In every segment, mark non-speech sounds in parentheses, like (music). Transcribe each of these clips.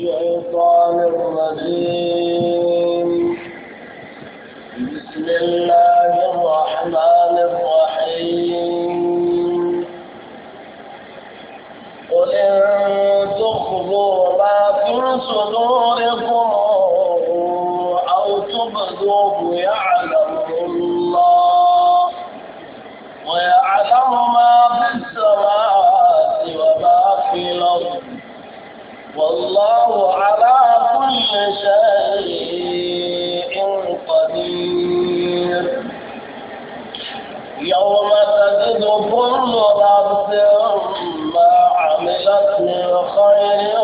الشيطان الرجيم بسم الله الرحمن الرحيم قل إن تخفوا ما في صدوركم أو تبدوه يعلم قبل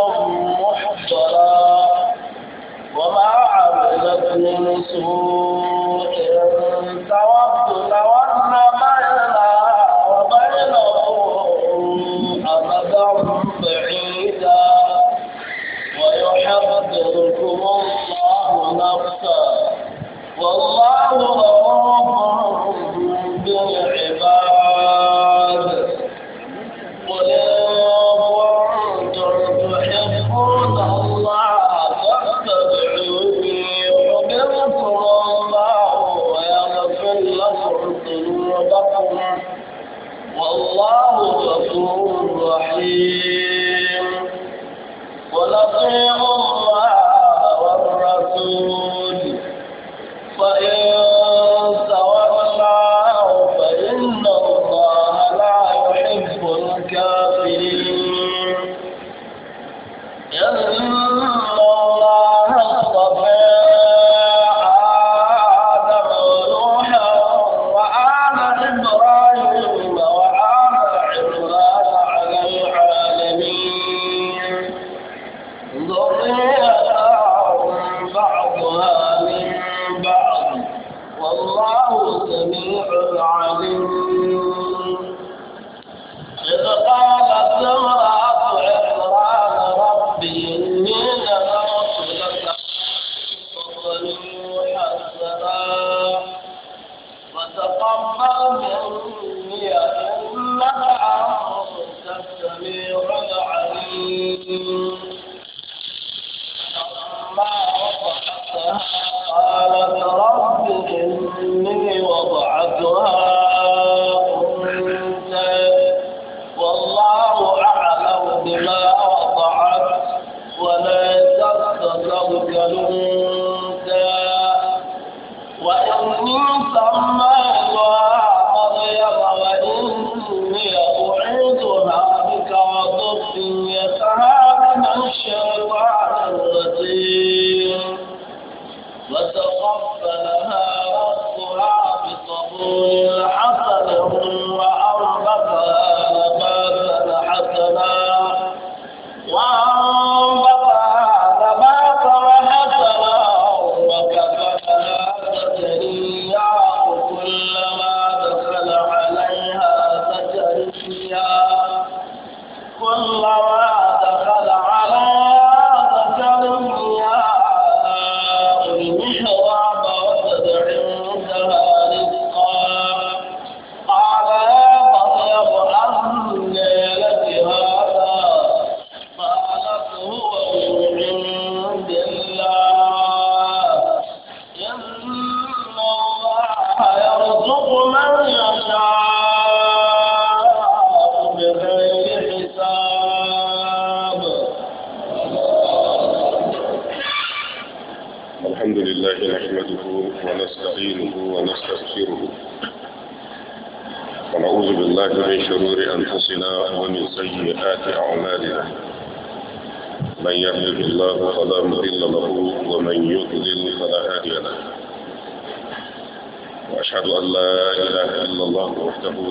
Oh.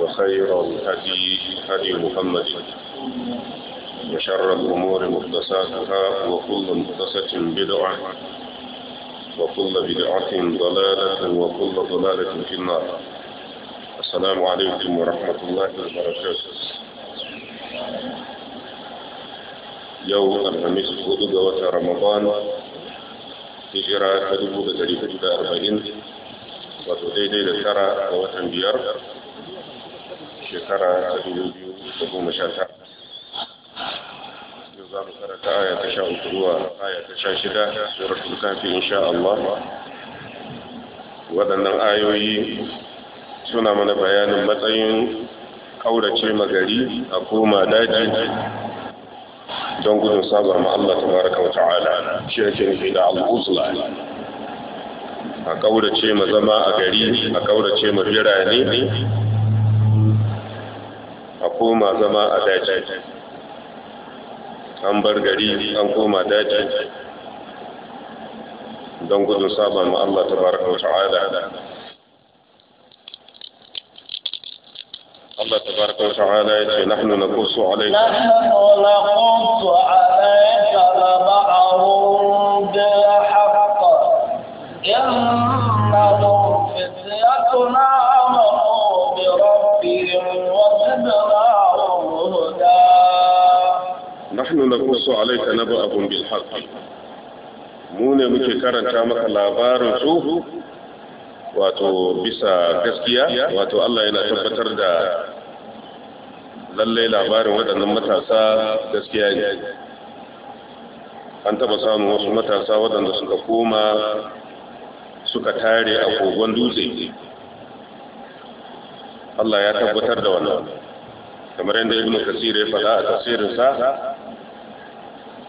وخير الهدي هدي محمد وشر الأمور مختصاتها وكل مختصة بدعة وكل بدعة ضلالة وكل ضلالة في النار السلام عليكم ورحمة الله وبركاته يوم الخميس حدود رمضان هجرة 1440 wato daidai da tara ga watan shekara ta biyu da goma sha tara yau za mu karanta aya ta sha uku zuwa aya ta sha shida suratul in insha Allah waɗannan ayoyi suna mana bayanin matsayin ƙaurace magari a koma daji don gudun saba ma Allah tabaraka wa ta'ala shi yake nufi da al-uzla a ƙaurace ma zama a gari a ƙaurace ma birane a koma zama a daji an bar gari an koma daji don gudun saba ma Allah ta baraka wa ta'ala الله تبارك وتعالى نحن نقص عليك نحن نقص عليك لبعضهم بالحق إنهم فتيتنا ربهم نحن نقص عليك نبأهم بالحق mu muke karanta maka labarin su wato bisa gaskiya wato Allah yana tabbatar da lallai labarin waɗannan matasa gaskiya ne an taɓa samun wasu matasa waɗanda suka koma suka tare a kogon dutse Allah ya tabbatar da wannan kamar yadda ibnu kasir ya faɗa a tafsirin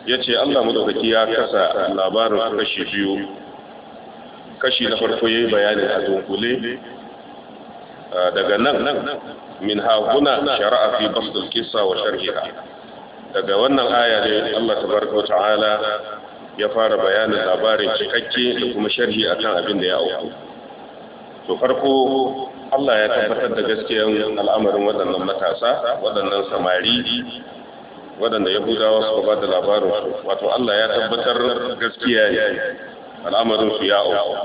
ya ce Allah madaukaki ya kasa labarin kashi biyu kashi na farko ya bayanin a dunkule daga nan min haguna shari'a fi basdul kisa wa sharhiha daga wannan aya ne Allah tabaraka wa ta'ala ya fara bayanin labarin cikakke da kuma sharhi akan abin da ya auku to farko Allah ya tabbatar da gaskiyan al'amarin waɗannan matasa waɗannan samari waɗanda yahudawa suka ba da labarin wato Allah ya tabbatar gaskiya ne al'amarin su ya auku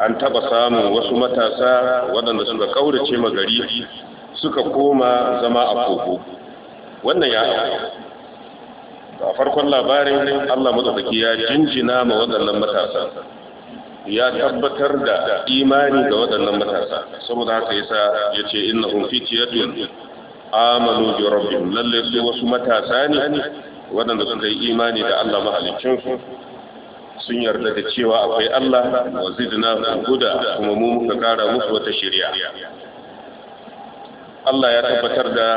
an taɓa samun wasu matasa waɗanda suka kaurace magari suka koma zama a koko wannan ya auku a farkon labarin Allah madaukaki ya jinjina ma waɗannan matasa ya tabbatar da imani ga waɗannan matasa saboda haka yasa ya ce inna hun fitiyatun amanu bi rabbihim lalle su wasu matasa ne waɗanda suka yi imani da Allah mahalicin su sun yarda da cewa akwai Allah wa zidna huda kuma mu muka kara musu wata shari'a Allah ya tabbatar da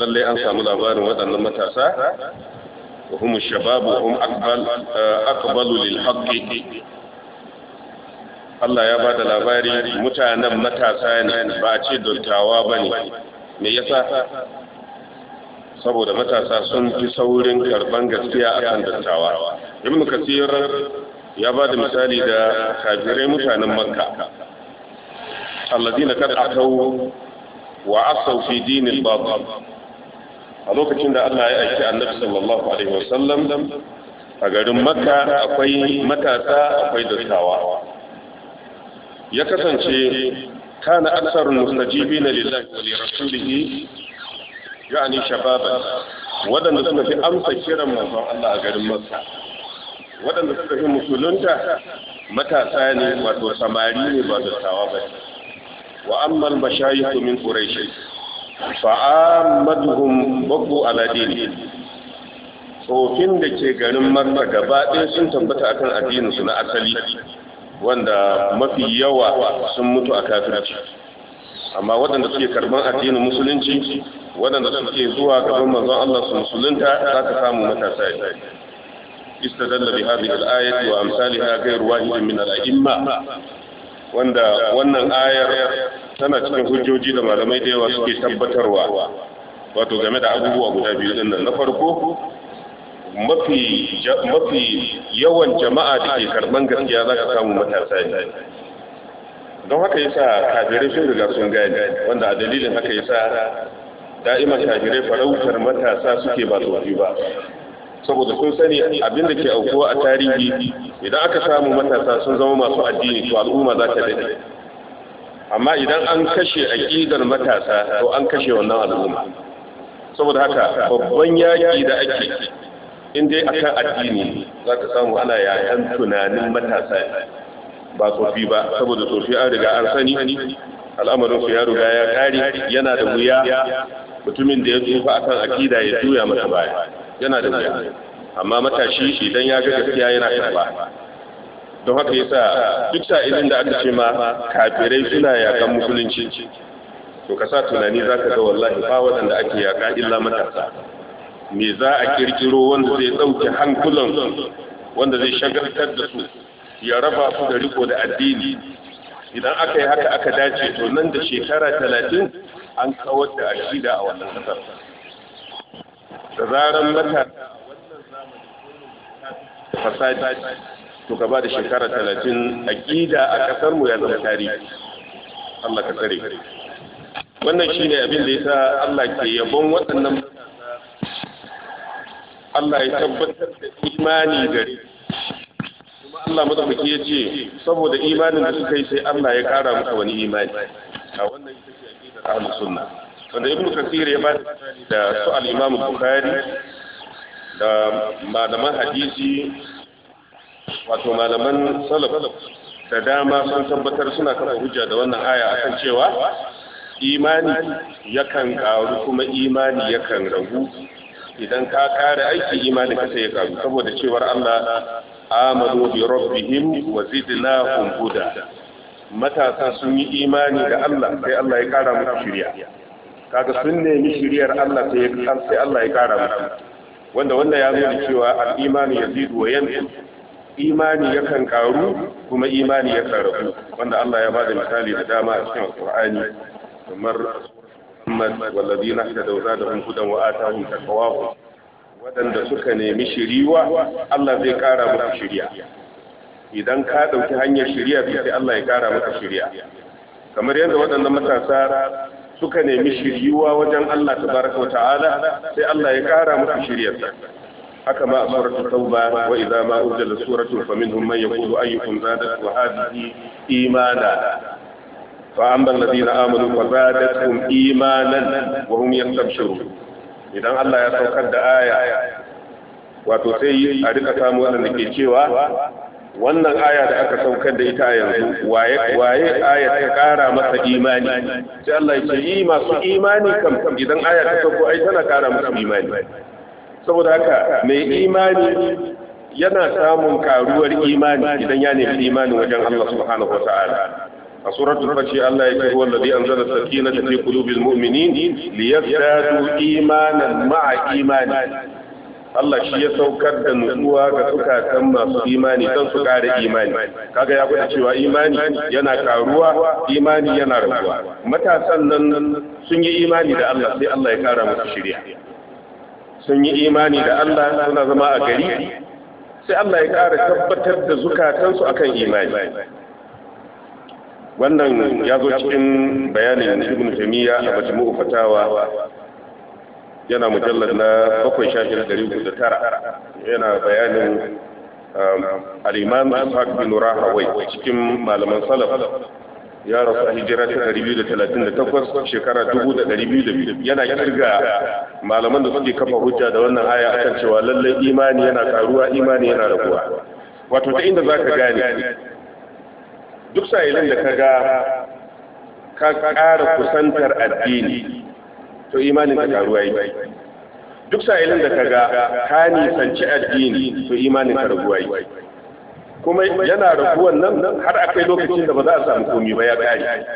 lalle an samu labarin waɗannan matasa وهم الشباب وهم أقبل أقبل للحق Allah ya ba da labari mutanen matasa ne ba a ce dottawa ba ne me yasa saboda matasa sun fi saurin karban gaskiya akan dattawa ibn kasir ya ba misali da kafirai mutanen makka alladina kad atau wa asaw fi dinil batil a lokacin da Allah ya aiki annabi sallallahu alaihi wasallam a garin makka akwai matasa akwai dattawa ya kasance kana aksarun mustajibina lillahi wa li rasulihi yani shababan waɗanda suka fi amsa kiran manzon Allah a garin Makka waɗanda suka fi musulunta matasa ne wato samari ne ba da tawa ba wa ammal mashayikh min quraish fa amaduhum babu ala dini tsofin da ke garin Makka gaba ɗaya sun tabbata akan addinin su na asali wanda mafi yawa sun mutu a kafirci amma waɗanda suke karban addinin musulunci waɗanda suke zuwa gaban manzon Allah su musulunta za ka samu matasa ne istadalla bi hadhihi al-ayati wa amsalha ghayr wahidin min al-a'imma wanda wannan ayar tana cikin hujjoji da malamai da yawa suke tabbatarwa wato game da abubuwa guda biyu din nan na farko mafi yawan jama'a da ke karban gaskiya za ka samu matasa ne don haka sa kafirai sun riga sun gane wanda a dalilin haka sa da'ima kafirai farautar matasa suke ba tsofi ba saboda sun sani abin da ke aukuwa a tarihi idan aka samu matasa sun zama masu addini to al'umma za ta daɗe amma idan an kashe aƙidar matasa to an kashe wannan al'umma saboda haka babban yaƙi da ake in dai akan addini za ka samu ana ya'yan tunanin matasa ba tsofi ba saboda tsofi an riga an sani al'amarin su ya riga ya kare yana da wuya mutumin da ya tsufa akan akida ya juya masa baya yana da wuya amma matashi idan ya ga gaskiya yana karba don haka yasa duk sa'ilin da aka ce ma kafirai suna yakan musulunci to ka sa tunani zaka ga wallahi ba waɗanda ake yaka illa matasa me za a kirkiro wanda zai ɗauke hankulan wanda zai shagaltar da su ya raba su da riko da addini idan aka yi haka aka dace to nan da shekara talatin an kawar da aƙida a wannan ƙasar da zaran matasa fasadi to gaba da shekara talatin aƙida a ƙasar mu ya zama tarihi Allah ka tsare wannan shine abin da yasa Allah ke yabon waɗannan Allah ya tabbatar da imani gare kuma Allah madaukaki ya ce saboda imanin da suka yi sai Allah ya kara musu wani imani a wannan ita ce aqidar ahlus sunna wanda ibn kathir ya ba da su al-imam bukhari da malaman hadisi wato malaman salaf da dama sun tabbatar suna kafa hujja da wannan aya akan cewa imani yakan karu kuma imani yakan ragu idan ka kare aiki imanin ka sai ya karu saboda cewar Allah amanu bi rabbihim wa zidnahum huda matasa sun yi imani da Allah sai Allah ya kara musu shiriya kaga sun nemi shiriyar Allah sai sai Allah ya kara musu wanda wanda ya zo da cewa al-imani yazidu wa yanqus imani yakan karu kuma imani yakan rabu wanda Allah ya bada misali da dama a cikin Al-Qur'ani kamar محمد والذين اهتدوا زادهم هدى وآتاهم تقواهم waɗanda suka nemi shiriwa Allah zai ƙara musu shiriya idan ka ɗauki hanyar shiriya sai Allah ya ƙara maka shiriya kamar yadda waɗannan matasa suka nemi shiriwa wajen Allah tabaraka ta'ala sai Allah ya ƙara musu shiriyarsa haka ma a ta tauba wa idza ma unzila suratun faminhum man yaqulu ayyukum zadat wa hadhihi imana فأما الذين آمنوا فزادتهم إيمانا وهم يستبشرون إذا الله da آية wato sai a rika samu waɗanda ke cewa wannan aya da aka saukar da ita yanzu waye waye aya ta kara masa imani sai Allah ya ce yi masu imani kam idan aya ta sauko ai tana kara masa imani saboda haka mai imani yana samun karuwar imani idan ya nemi imani wajen Allah subhanahu wataala a suratul fashi Allah ya ce huwa alladhi anzala sakinata fi qulubil mu'minin liyazdadu imanan ma'a imani Allah shi ya saukar da nutsuwa ga zukatan masu imani don su kare imani kaga ya gwada cewa imani yana karuwa imani yana rabuwa. matasan nan sun yi imani da Allah sai Allah ya kara musu shirya sun yi imani da Allah suna zama a gari sai Allah ya kara tabbatar da zukatansu akan imani wannan ya zo cikin bayanin ibn jamiya a majmu'u fatawa yana mujallar na bakwai shafin dari da tara yana bayanin um, al-imam ishaq bin rahawai cikin malaman salaf ya rasu a hijira ta 238 shekara 2002 yana kirga malaman da suke kafa hujja da wannan aya akan cewa lallai imani yana karuwa imani yana raguwa wato ta inda zaka gane duk sa'ilin da ga ka ƙara kusantar addini to imanin ka karuwa yi duk sa'ilin da ga ka nisanci addini to imanin ka raguwa yi kuma yana raguwan nan har akwai lokacin da ba za a samu komi ba ya kare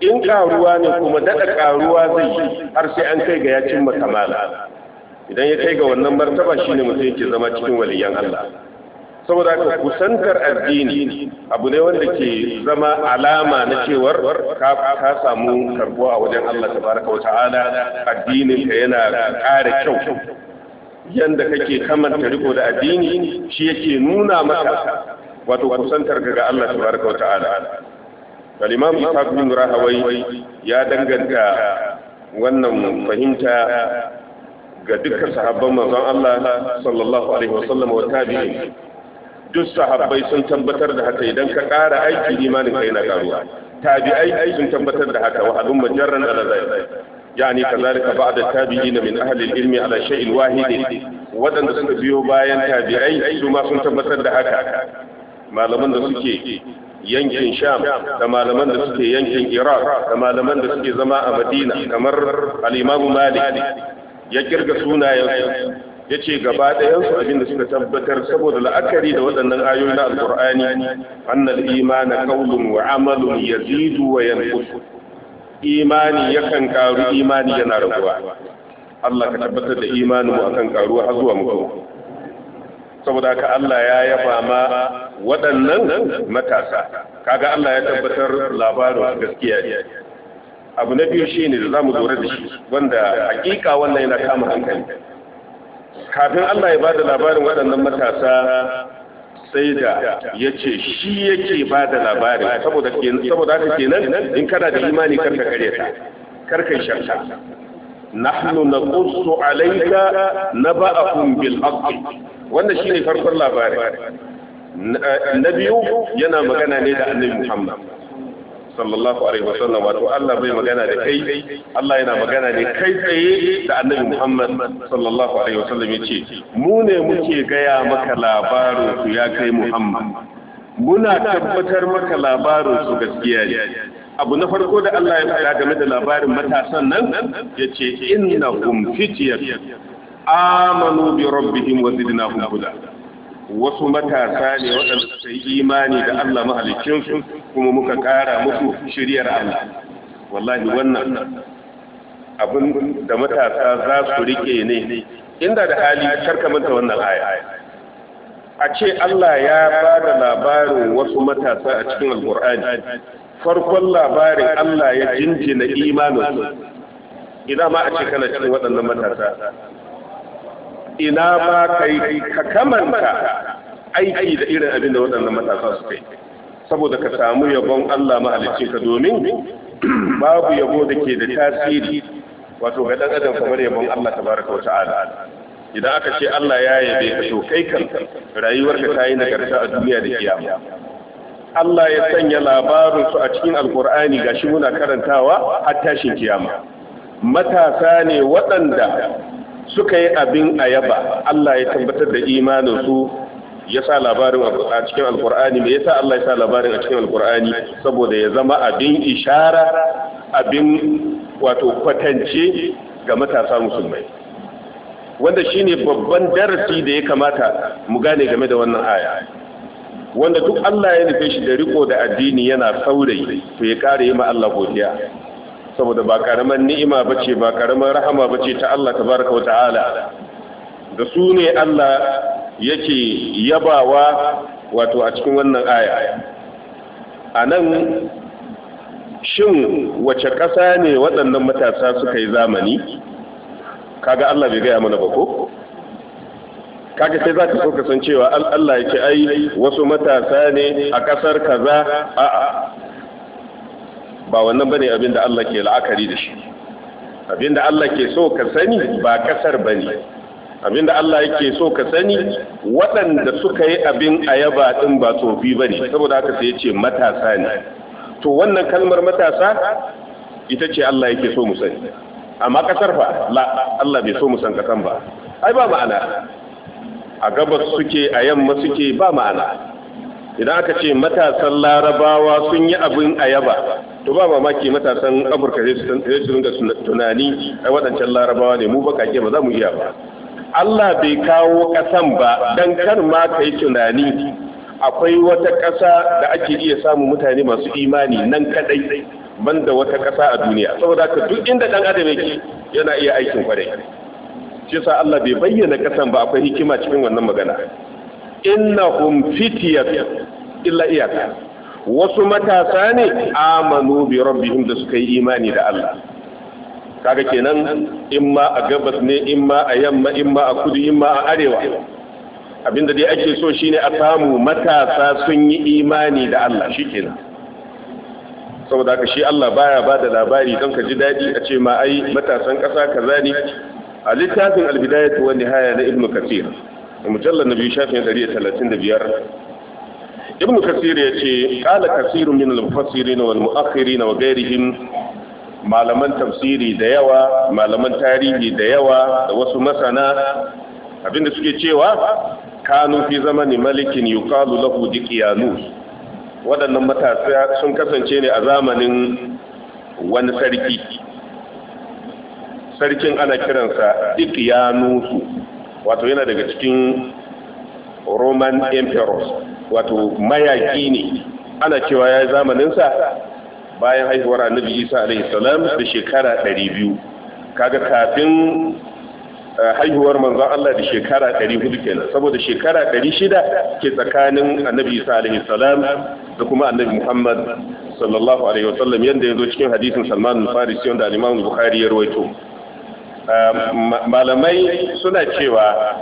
in karuwa ne kuma daɗa karuwa zai yi har sai an kai ga ya cimma kamala idan ya kai ga wannan martaba shine mutum yake zama cikin waliyan Allah saboda ka kusantar addini abu ne wanda ke zama alama na cewar ka samu karbuwa a wajen Allah tabaraka wa ta'ala addinin ka yana ƙara kyau yanda kake kamanta riko da addini shi yake nuna maka wato kusantar ka ga Allah tabaraka wa ta'ala al-imam Ishaq bin Rahawai ya danganta wannan fahimta ga dukkan sahabban manzon Allah sallallahu alaihi sallam wa tabi'in duk sahabbai sun tabbatar da haka idan ka ƙara aiki imanin kai na karuwa tabi'ai sun tabbatar da haka wa halumma jarran ala zalik yani kazalika ba'd tabi'ina min ahli ilmi ala shay'in wahid wadanda suka biyo bayan tabi'ai su ma sun tabbatar da haka malaman da suke yankin sham da malaman da suke yankin iraq da malaman da suke zama a madina kamar al-imamu malik ya kirga sunayen ya ce gaba ɗayansu abinda suka tabbatar saboda la'akari da waɗannan ayoyi na alƙur'ani annal imana qaulun wa amalun yazidu wa yanqus imani yakan karu imani yana raguwa Allah ka tabbatar da imanin mu akan karuwa har zuwa mutum saboda ka Allah ya yaba ma waɗannan matasa kaga Allah ya tabbatar labarin gaskiya ne abu na biyu shine da zamu dora da shi wanda hakika wannan yana kama hankali kafin Allah ya bada labarin waɗannan matasa sai da ya ce shi yake da labarin saboda haka kenan in kana da imani karka karyata karka sharta nahnu naqussu alayka naba'ahum bil haqq wannan shine farkon labarin na biyu yana magana ne da annabi Muhammad sallallahu alaihi wasallam wato Allah bai magana da kai Allah yana magana ne kai tsaye da annabi Muhammad sallallahu alaihi wasallam yace mu ne muke gaya maka labarin su ya kai Muhammad muna tabbatar maka labarin su gaskiya ne abu na farko da Allah ya faɗa game da labarin matasan nan yace innahum fitiyat amanu bi rabbihim wa zidnahum hudan wasu matasa ne waɗanda suka yi imani da Allah mahalicinsu kuma muka ƙara musu shiriyar Allah wallahi wannan abin da matasa za su rike ne inda da hali karka manta wannan aya a ce Allah ya ba da labarin wasu matasa a cikin alkur'ani farkon labarin Allah ya jinjina imaninsu ina ma a ce kana cikin waɗannan matasa ina ba yi ka kamanta aiki da irin abin da waɗannan matasa suka yi saboda ka samu yabon Allah mahalicci ka domin babu yabo da ke da tasiri wato ga dan adam kamar yabon Allah tabaraka wata'ala idan aka ce Allah ya yabe ka to kai kan rayuwar ka yi nagarta a duniya da kiyama Allah ya sanya labarin su a cikin alkur'ani gashi muna karantawa har tashin kiyama matasa ne waɗanda suka yi abin ayaba Allah ya tabbatar da imanin su ya sa labarin a cikin alkur'ani me yasa Allah ya sa labarin a cikin alkur'ani saboda ya zama abin ishara abin wato kwatance ga matasa musulmai wanda shine babban darasi da ya kamata mu gane game da wannan aya wanda duk Allah ya nufe shi da riko da addini yana saurayi to ya kare ma Allah godiya saboda ba karamar ni'ima ba ce, ba karamar rahama ba ce, ta Allah ta wa wata'ala da su ne Allah yake yabawa wato a cikin wannan aya a nan shin wace ƙasa ne waɗannan matasa suka yi zamani kaga Allah bai gaya mana ba ko kaga sai za ka so kasancewa Allah ya ce ai wasu matasa ne a ƙasar kaza a'a ba wannan bane abin da Allah ke la'akari da shi abin da Allah ke so ka sani ba kasar bane abin da Allah yake so ka sani waɗanda suka yi abin ayaba din ba tsofi bane saboda haka sai ya ce matasa ne to wannan kalmar matasa ita ce Allah yake so mu sani amma kasar fa la Allah bai so mu san kasan ba ai ba ma'ana a gabas suke a yamma suke ba ma'ana idan aka ce matasan larabawa sun yi abin ayaba to ba mamaki matasan amurka zai su tunani a waɗancan larabawa ne mu bakake ba za mu iya ba allah bai kawo ƙasan ba don kan ma ka yi tunani akwai wata ƙasa da ake iya samun mutane masu imani nan kaɗai banda wata ƙasa a duniya saboda ka duk inda ɗan adam yake yana iya aikin kwarai shi yasa allah bai bayyana ƙasan ba akwai hikima cikin wannan magana innahum fitiyat illa iyaka wasu matasa ne amanu bi rabbihim da suka yi imani da Allah kaga kenan ma a gabas ne ma a yamma ma a kudu ma a arewa abinda dai ake so shine a samu matasa sun yi imani da Allah shikenan saboda haka shi Allah baya ba da labari don ka ji daɗi a ce ma ai matasan ƙasa kaza ne a littafin albidayatu wa nihaya na ibnu kathir mujallar na biyu shafin biyar, ibn kasir ya ce kala kasirun min al-mufassirin wal mu'akhirin wa ghairihim malaman tafsiri da yawa malaman tarihi da yawa da wasu masana abinda suke cewa kanu fi zamani malikin yuqalu lahu diqyanus waɗannan matasa sun kasance ne a zamanin wani sarki sarkin ana kiransa diqyanusu wato yana daga cikin roman emperors wato mayaki ne ana cewa ya yi zamaninsa bayan haihuwar annabi isa alaihi salam da shekara 200 kaga kafin eh, haihuwar manzon Allah da shekara 400 kenan saboda shekara 600 ke tsakanin annabi isa alaihi salam da kuma annabi muhammad sallallahu alaihi wasallam yanda ya zo cikin hadisin salman al-farisi wanda al-imam bukhari ya rawaito Ehm, malamai suna cewa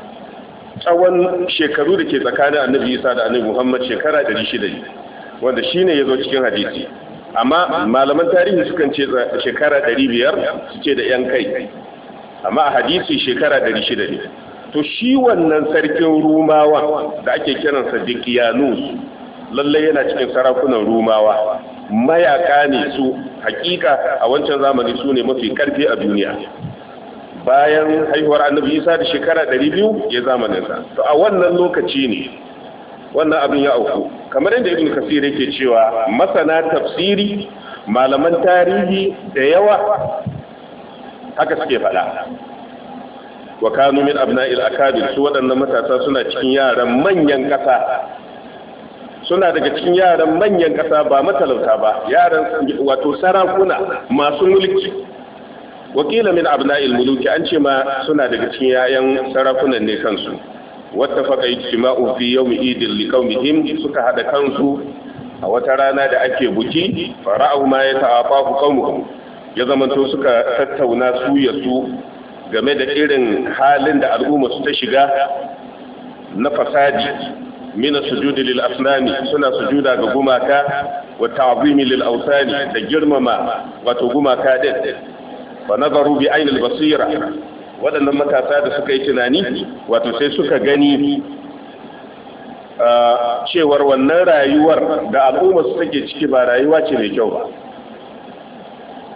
tsawon shekaru da ke tsakanin annabi isa da annabi muhammad shekara 600 wanda shine ya zo cikin hadisi amma malaman tarihi sukan ce shekara 500 su ce da yan kai amma a hadisi shekara 600 ne to shi wannan sarkin rumawa da ake kiransa dikiyanus lallai yana cikin sarakunan rumawa mayaka ne su hakika a wancan zamani su ne mafi karfi a duniya bayan haihuwar annabi isa da shekara ɗari biyu ya zamaninsa to a wannan lokaci ne wannan abin ya auku kamar yadda ibn kasir yake cewa masana tafsiri malaman tarihi da yawa haka suke faɗa wa kanu min abna'il akabir su waɗannan matasa suna cikin yaran manyan ƙasa suna daga cikin yaran manyan ƙasa ba matalauta ba yaran wato sarakuna masu mulki wakila min abna'il muluki an ce ma suna daga cikin yayan sarakunan ne kansu wattafaqa ijtima'u fi yawmi idil liqaumihim suka haɗa kansu a wata rana da ake buki fara'u ma ya ta'afafu qaumuhum ya zamanto suka tattauna su ya su game da irin halin da al'umma su ta shiga na fasadi min sujudi lil asnami suna sujuda ga gumaka wa ta'zimi lil awsani da girmama wato gumaka din fa nazaru bi ainil basira waɗannan matasa da suka yi tunani wato sai suka gani ah, cewar wannan rayuwar da al'ummar su take ciki ba rayuwa ce mai kyau ba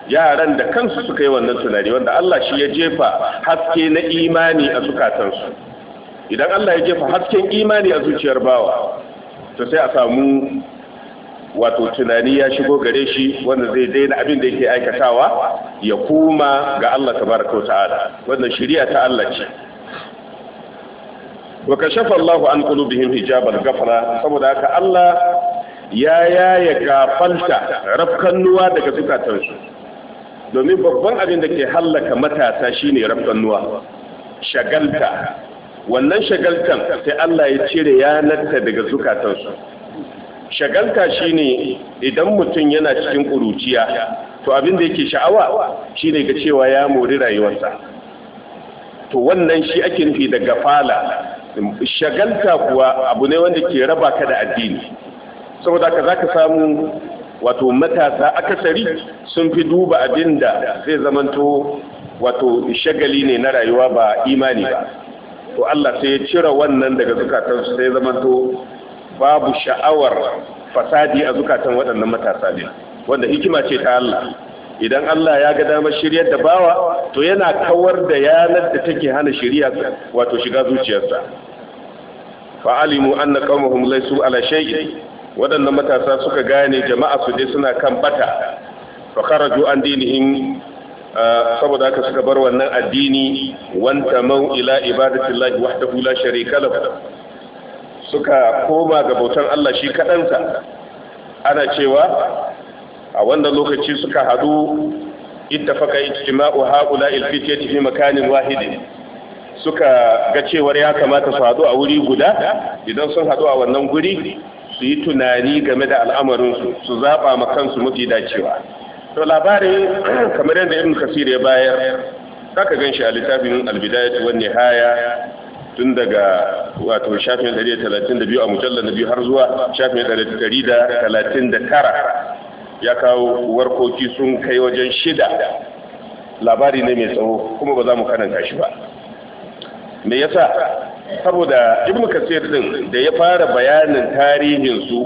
yaran da kansu suka yi wannan tunani wanda Allah shi ya jefa haske na imani a zukatansu idan Allah ya jefa hasken imani a zuciyar bawa to sai a samu wato tunani ya shigo gare shi wanda zai daina abin da yake aikatawa ya kuma ga Allah tabaraka ta'ala wannan shari'a ta Allah ce wa kashafa Allah an qulubihim hijabal ghafla saboda haka Allah ya yaya gafalta rafkannuwa daga zukatansu domin babban abin da ke hallaka matasa shine rafkannuwa shagalta wannan shagaltan sai Allah ya cire yanarta daga zukatansu shagalta shine idan mutum yana cikin ƙuruciya to abin da yake sha'awa shine ga cewa ya mori rayuwarsa to wannan shi ake nufi daga fala, shagalta kuwa abu ne wanda ke raba ka da addini saboda za zaka samu wato matasa akasari sun fi duba abin da zai zamanto wato shagali ne na rayuwa ba imani ba to Allah sai ya cire wannan daga zukatansu sai zamanto babu sha'awar fasadi a zukatan waɗannan matasa ne wanda hikima ce ta Allah idan Allah ya ga damar shiryar da bawa to yana kawar da yanar da take hana shiriya wato shiga zuciyarsa fa'alimu anna qaumahum laysu ala shay'in waɗannan matasa suka gane jama'a su dai suna kan bata fa kharaju an dinihim ah, saboda haka suka bar wannan addini wanta mau ila ibadatillahi wahdahu la sharika lahu suka koma ga bautan Allah shi kaɗansa ana cewa a wanda lokaci suka hadu ittafaka ijtima'u haula ya fi makanin wahidin suka ga cewar ya kamata su haɗu a wuri guda idan sun haɗu a wannan guri su yi tunani game da al'amarinsu su zaɓa ma kansu mafi dacewa to labari, kamar yadda ibn kasir ya bayar zaka gan shi a littafin albidayat wan nihaya tun daga wato shafin 132 a mujallar na biyu har zuwa shafin 139 ya kawo warkoki sun kai wajen shida labari ne mai tsawo kuma ba za mu karanta shi ba me yasa saboda ibnu kasir din da ya fara bayanin tarihin su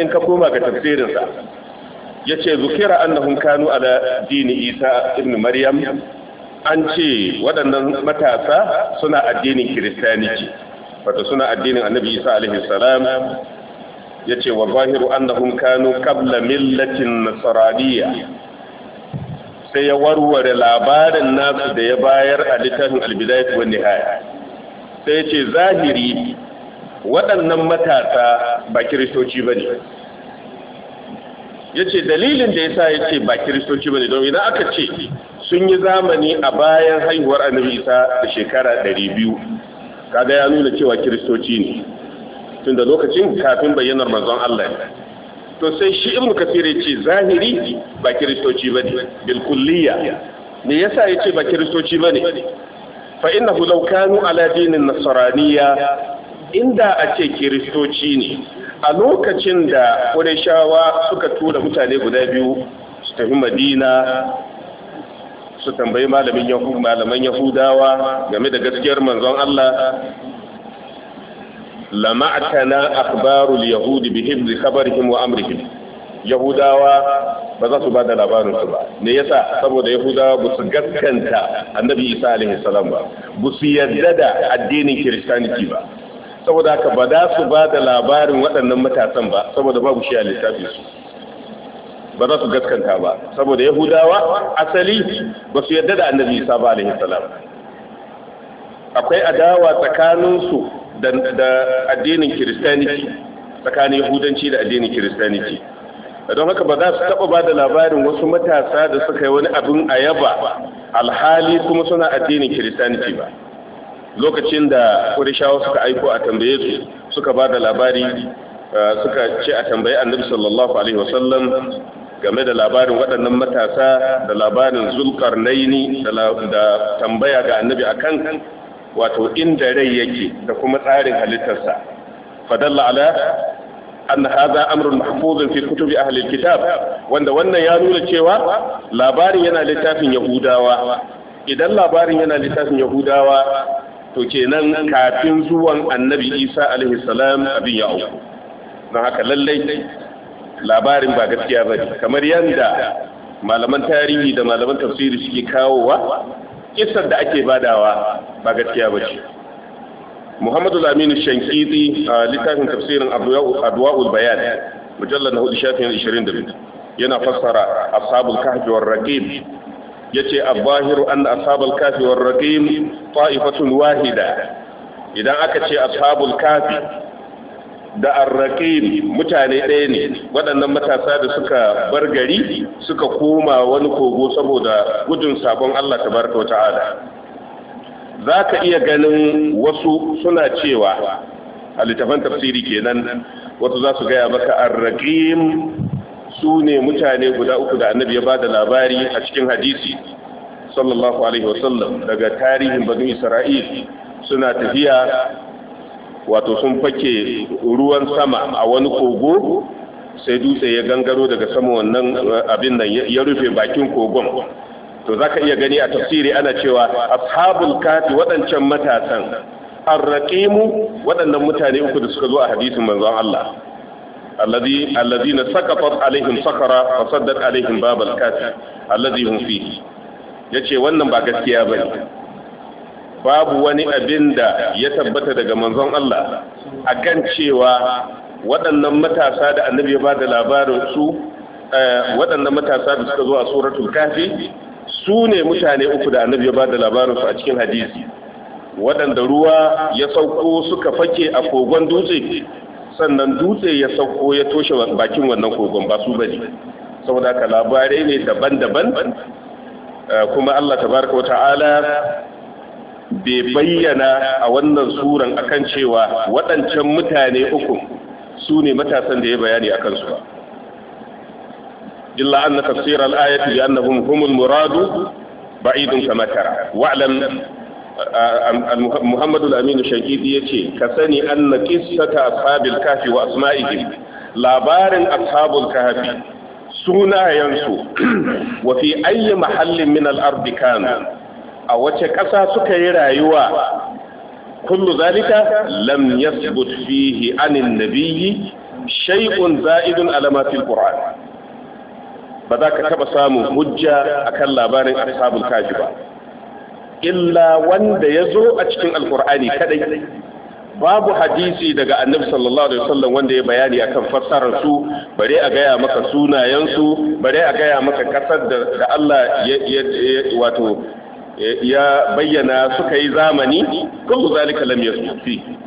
in ka koma ga tafsirinsa yace zukira annahum kanu ala dini isa ibn maryam an ce waɗannan matasa suna addinin kiristaniki wato suna addinin annabi isa alaihi salam ya ce wa zahiru annahum kanu qabla millatin nasraniya sai ya warware labarin nasu da ya bayar a littafin albidayat wa nihaya sai ya ce zahiri waɗannan matasa ba kiristoci ba ya ce dalilin da ya sa ya ce ba kiristoci ba ne don ina aka ce sun yi zamani a bayan haihuwar annabi isa da shekara 200 kaga ya nuna cewa kiristoci ne tun da lokacin kafin bayyanar manzon Allah to sai shi ibnu kasir ya ce zahiri ba kiristoci bane bil kulliya me yasa ya ce ba kiristoci bane fa innahu law kanu ala dinin nasraniyya inda a ce kiristoci ne a lokacin da shawa suka tura mutane guda biyu su tafi Madina su tambayi malamin malaman yahudawa game da gaskiyar manzon Allah lama'atana akhbarul yahudi bi hibzi khabarihim wa amrihim yahudawa ba za su ba labarin su ba ne yasa saboda yahudawa ba su gaskanta annabi isa alaihi salam ba ba su yarda da addinin kiristaniti ba saboda haka ba za su ba da labarin waɗannan matasan ba saboda babu shi a littafin su ba za su gaskanta ba saboda yahudawa asali ba su yarda da annabi isa ba alaihi salam akwai adawa tsakaninsu da addinin kiristaniki tsakanin yahudanci da addinin kiristaniki don haka ba za su taba ba da labarin wasu matasa da suka yi wani abin a yaba alhali kuma suna addinin kiristaniki ba lokacin da kurishawa suka aiko a tambaye su suka ba da labari eh, suka ce a tambayi annabi sallallahu alaihi wasallam game da labarin waɗannan matasa da labarin zulkarnaini da tambaya ga annabi akan wato inda rai yake da kuma tsarin halittarsa fadalla ala an haza amrun mahfuzun fi kutubi ahli kitab. wanda wannan ya nuna cewa labarin yana littafin yahudawa idan labarin yana littafin yahudawa to kenan kafin zuwan annabi isa alaihi salam abin ya auku don haka lallai labarin ba gaskiya ba kamar yadda malaman tarihi da malaman tafsiri suke kawowa kisar da ake badawa ba gaskiya ba ce muhammadu Laminu shankiti a littafin tafsirin adwa'ul bayan mujallar na hudu shafin 22 yana fassara ashabul kahfi war Ya ce, abahiru anna ashabul kahfi war raqib ta'ifatun wahida idan aka ce ashabul kahfi da arraƙin mutane ɗaya ne waɗannan matasa da suka bar gari suka koma wani kogo saboda gudun sabon Allah tabaraka wa ta'ala za iya ganin wasu suna cewa a tafsiri kenan wasu za su gaya maka arraƙin su ne mutane guda uku da annabi ya ba da labari a cikin hadisi sallallahu alaihi wasallam daga tarihin banu isra'il suna tafiya wato sun fake ruwan sama a wani kogo sai dutse ya gangaro daga sama wannan eh, abin nan ya rufe bakin kogon to zaka iya gani a tafsiri ana cewa ashabul kafi waɗancan matasan mu? waɗannan mutane uku da suka zo a hadisin manzon Allah alladhi alladhina saqatat alaihim sakara fa saddat alaihim babal kafi alladhi fi. Ya yace wannan ba gaskiya bane babu wani abin da ya tabbata daga manzon Allah a kan cewa waɗannan matasa da annabi ya ba da labarin su eh, waɗannan matasa da suka zo a suratul kafi su ne mutane uku da annabi ya ba da labarin su a cikin hadisi waɗanda ruwa ya sauko suka fake a kogon dutse sannan dutse ya sauko ya toshe bakin wannan kogon ba su bane saboda ka labarai ne daban-daban eh, kuma Allah tabaraka wa ta'ala bai bayyana a wannan suran akan cewa waɗancan mutane uku su ne matasan da ya bayani a kansu ba illa anna tafsir al-ayati bi annahum humul muradu ba'idun kama tara wa'lam Muhammadu Aminu Shakidi ya ce, Ka sani anna kissata ashabil kafi wa asma'ihim labarin ashabul kafi sunayensu wa fi ayyi mahallin min al-ardi kanu a wace ƙasa suka yi rayuwa kullu zalika lam yasbut fihi anin nabiyyi shay'un za'idun alama fil qur'an ba za ka taba samun hujja akan labarin ashabul kafi ba illa wanda ya zo a cikin alqur'ani kadai babu hadisi daga annabi sallallahu alaihi wasallam wanda ya bayani akan fassarar su bare a gaya maka sunayen su bare a gaya maka kasar da, Allah ya, wato ya bayyana suka yi zamani kullu zalika lam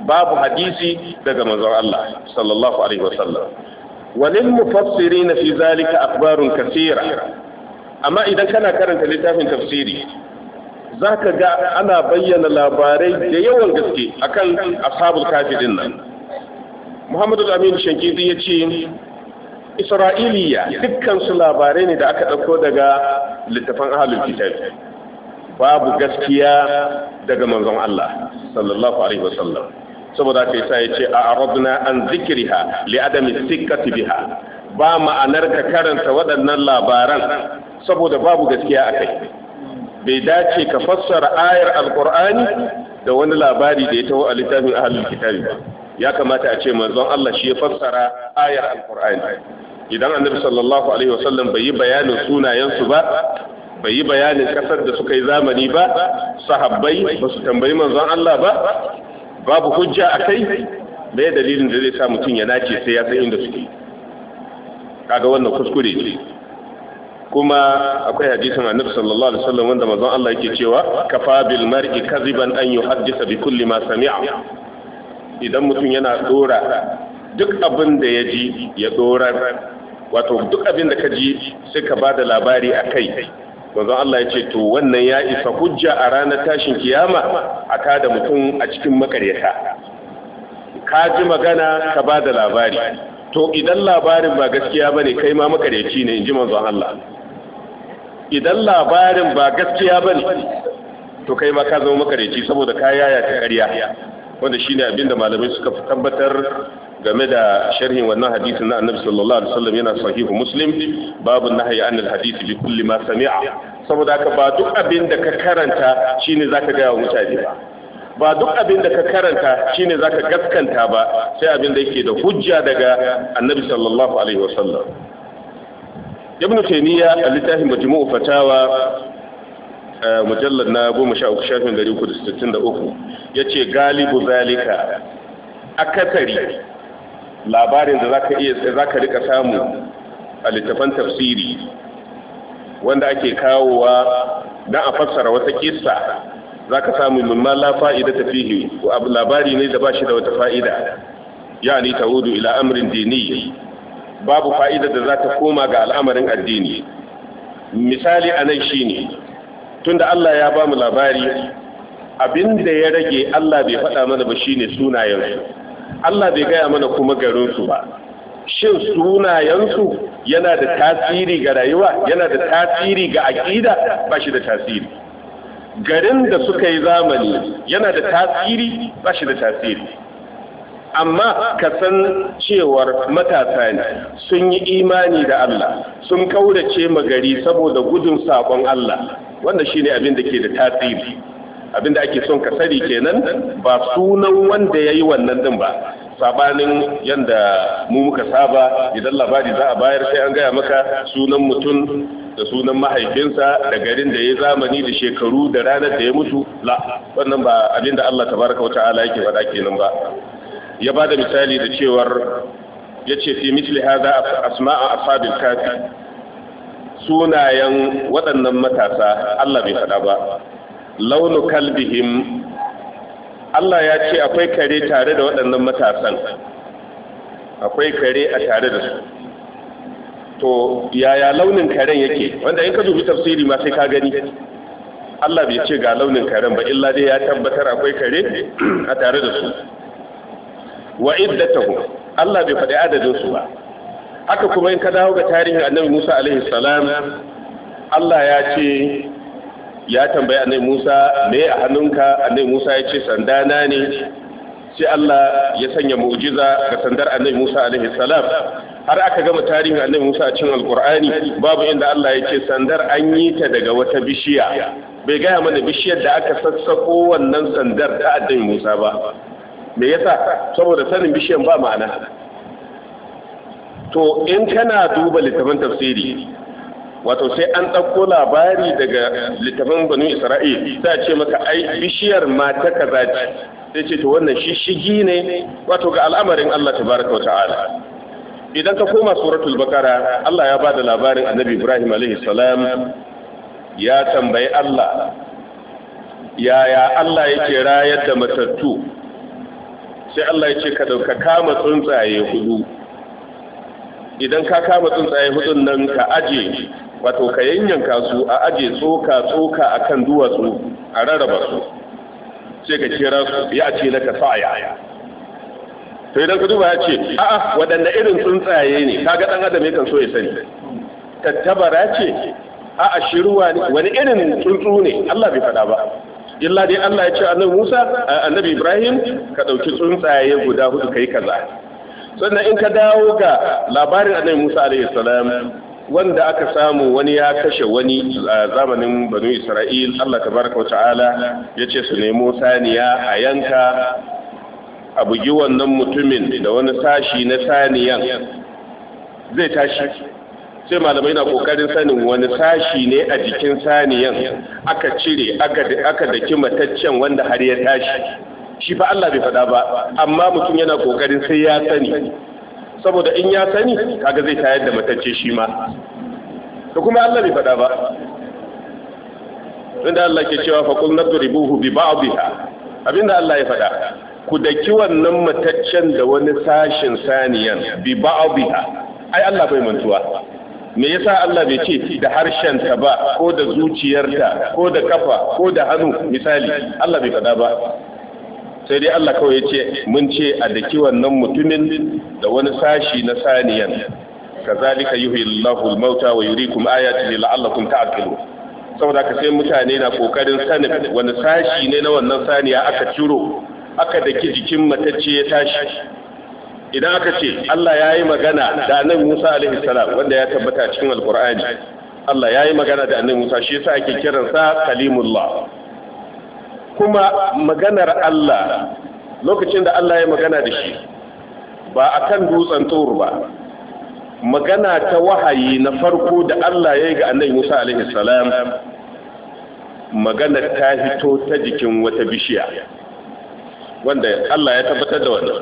babu hadisi daga manzon Allah sallallahu alaihi wasallam walil mufassirin fi zalika akhbarun kaseera amma idan kana karanta littafin tafsiri zaka ga ana bayyana labarai da yawan gaske akan ashabul kafirin nan Muhammadu Amin shankidi ya ce Isra'iliya dukkan su labarai ne da aka ɗauko daga littafan ahalul kitabi babu gaskiya daga manzon Allah sallallahu alaihi wasallam saboda haka yasa yace a aradna an zikriha li adami sikkati biha ba ma'anar ka karanta waɗannan labaran saboda babu gaskiya akai bai dace ka fassara ayar alqur'ani da wani labari da ya taho a littafin ahlul kitabi ba ya kamata a ce manzon Allah shi ya fassara ayar alqur'ani idan annabi sallallahu alaihi wasallam bai yi bayanin sunayen su ba bai yi bayanin kasar da suka yi zamani ba sahabbai ba su tambayi manzon Allah ba babu hujja a kai me dalilin da zai sa mutum ya nace sai ya san inda suke kaga wannan kuskure ne kuma akwai hadisin annabi sallallahu alaihi wasallam wanda manzon Allah yake cewa kafa bil mar'i kaziban an yuhaddisa bi kulli ma sami'a idan mutum yana dora duk abin da ya ji ya dora wato duk abin da ka ji sai ka ba da labari a kai manzon Allah ya ce to wannan ya isa hujja a ranar tashin kiyama a da mutum a cikin makaryata ka ji magana ka ba da labari to idan labarin ba gaskiya bane kai ma makaryaci ne in ji Allah idan labarin ba gaskiya bane to kai ma ka zama makaryaci saboda ka yaya ta ƙarya wanda shine abinda malamai suka tabbatar game da sharhin wannan hadisin na annabi sallallahu alaihi wasallam yana sahihu muslim babu nahyi an alhadith bi kulli ma sami'a saboda haka ba duk abin da ka karanta shine zaka ga wa mutane ba ba duk abin da ka karanta shine zaka gaskanta ba sai abin da yake da hujja daga annabi sallallahu alaihi wasallam ibn taymiya al-litafin majmu'u fatawa eh, mujallar na goma sha uku shafin gari uku da sittin da uku ya ce galibu zalika akasari labarin da zaka iya zaka rika samu a littafan tafsiri wanda ake kawowa dan a fassara wata kissa zaka samu min ma la ta fihi abu labari ne da bashi da wata fa'ida yani taudu ila amrin dini babu fa'ida da za koma ga al'amarin addini misali anan shine tunda Allah ya bamu labari abinda ya rage Allah bai faɗa mana ba shine sunayen Allah bai gaya mana kuma garinsu ba shin sunayensu yana da tasiri ga rayuwa yana da tasiri ga aƙida ba shi da tasiri garin da suka yi zamani yana da tasiri ba shi da tasiri amma ka san cewar matasa ne sun yi imani da Allah sun kaurace magari saboda gudun saƙon Allah wanda shine abin da ke da tasiri abinda ake son ka sani kenan ba sunan wanda ya yi wannan din ba sabanin yadda mu muka saba idan labari za a bayar sai an gaya maka sunan mutum da sunan mahaifinsa da garin da ya zamani da shekaru da ranar da ya mutu la wannan ba abin da Allah tabaraka wata'ala yake faɗa kenan ba ya ba da misali da cewar ya ce fi misli hada asma'a ashabil kafi sunayen waɗannan matasa Allah bai faɗa ba launu kalbihim Allah ya ce akwai kare tare da waɗannan matasan akwai kare a tare da su to yaya launin karen yake wanda in ka bi tafsiri ma sai ka gani Allah bai ce ga launin karen ba illa dai ya tabbatar akwai kare a tare da su wa iddatahu Allah bai faɗi adadin su ba haka kuma in ka dawo ga tarihin Annabi Musa alaihi salam Allah ya ce ya tambayi annai Musa me a hannunka annai Musa ya ce sanda na ne sai Allah ya sanya mu'jiza ga sandar annai Musa alaihi salam har aka gama tarihin annai Musa cin alqur'ani alkur'ani babu inda Allah ya ce sandar an yi ta daga wata bishiya bai gaya mana bishiyar da aka sassako wannan sandar ta addin Musa ba me yasa saboda sanin bishiyar ba ma'ana to in kana duba littafin tafsiri wato sai an ɗauko labari daga littafin banu isra'il a ce maka ai bishiyar mata kaza ce sai ce to wannan shishigi ne wato ga al'amarin Allah tabaraka wa ta'ala idan ka koma suratul bakara Allah ya bada labarin annabi Ibrahim alaihi salam ya tambayi Allah yaya Allah yake rayar da matattu sai Allah ya ce ka dauka kama tsuntsaye hudu idan ka kama tsuntsaye hudun nan ka aje wato ka yanyanka su a aje tsoka tsoka akan duwatsu a rarraba su sai ka kira su ya ce laka yaya. to idan ka duba ya ce a'a waɗanne irin tsuntsaye ne kaga dan adam yakan so ya sani tattabara ce a'a shiruwa ne wani irin tsuntsu ne Allah bai faɗa ba illa dai Allah ya ce annabi Musa annabi Ibrahim ka ɗauki tsuntsaye guda hudu kai kaza sannan in ka dawo ga labarin annabi Musa alaihi salam wanda aka samu wani ya kashe wani a zamanin banu isra'il allah tabaraka wa ta'ala ya ce su nemo saniya a yanka a bugi wannan mutumin da wani sashi na saniyan zai tashi sai malamai na kokarin sanin wani sashi ne a jikin saniyan aka cire aka daki mataccen wanda har ya tashi shi fa allah bai faɗa ba amma mutum yana kokarin sai ya sani saboda in ya sani kaga zai tayar da matacce shi ma to kuma Allah bai faɗa ba inda Allah ke cewa fa qul nadribuhu bi ba'dihha abinda Allah ya faɗa ku daki wannan mataccen da wani sashin saniyan bi ba'dihha ai Allah bai mantuwa me yasa Allah bai ce da harshen ta ba ko da zuciyarta ko da kafa ko da hannu misali Allah bai faɗa ba sai dai Allah kawai ya ce mun ce a daki wannan mutumin da wani sashi na saniyan kazalika yuhillahu almauta wa yurikum ayatihi la'allakum ta'qilun saboda ka sai mutane na kokarin sanin wani sashi ne na wannan saniya aka ciro aka daki jikin matacce ya tashi idan aka ce Allah ya yi magana da nan Musa alaihi salam wanda ya tabbata cikin alqur'ani Allah ya yi magana da annabi Musa shi yasa ake kiransa kalimullah kuma maganar Allah lokacin da Allah ya magana da shi ba a kan dutsen tur ba magana ta wahayi na farko da Allah ya yi ga annabi Musa alaihi salam magana ta hito ta jikin wata bishiya wanda Allah ya tabbatar da wannan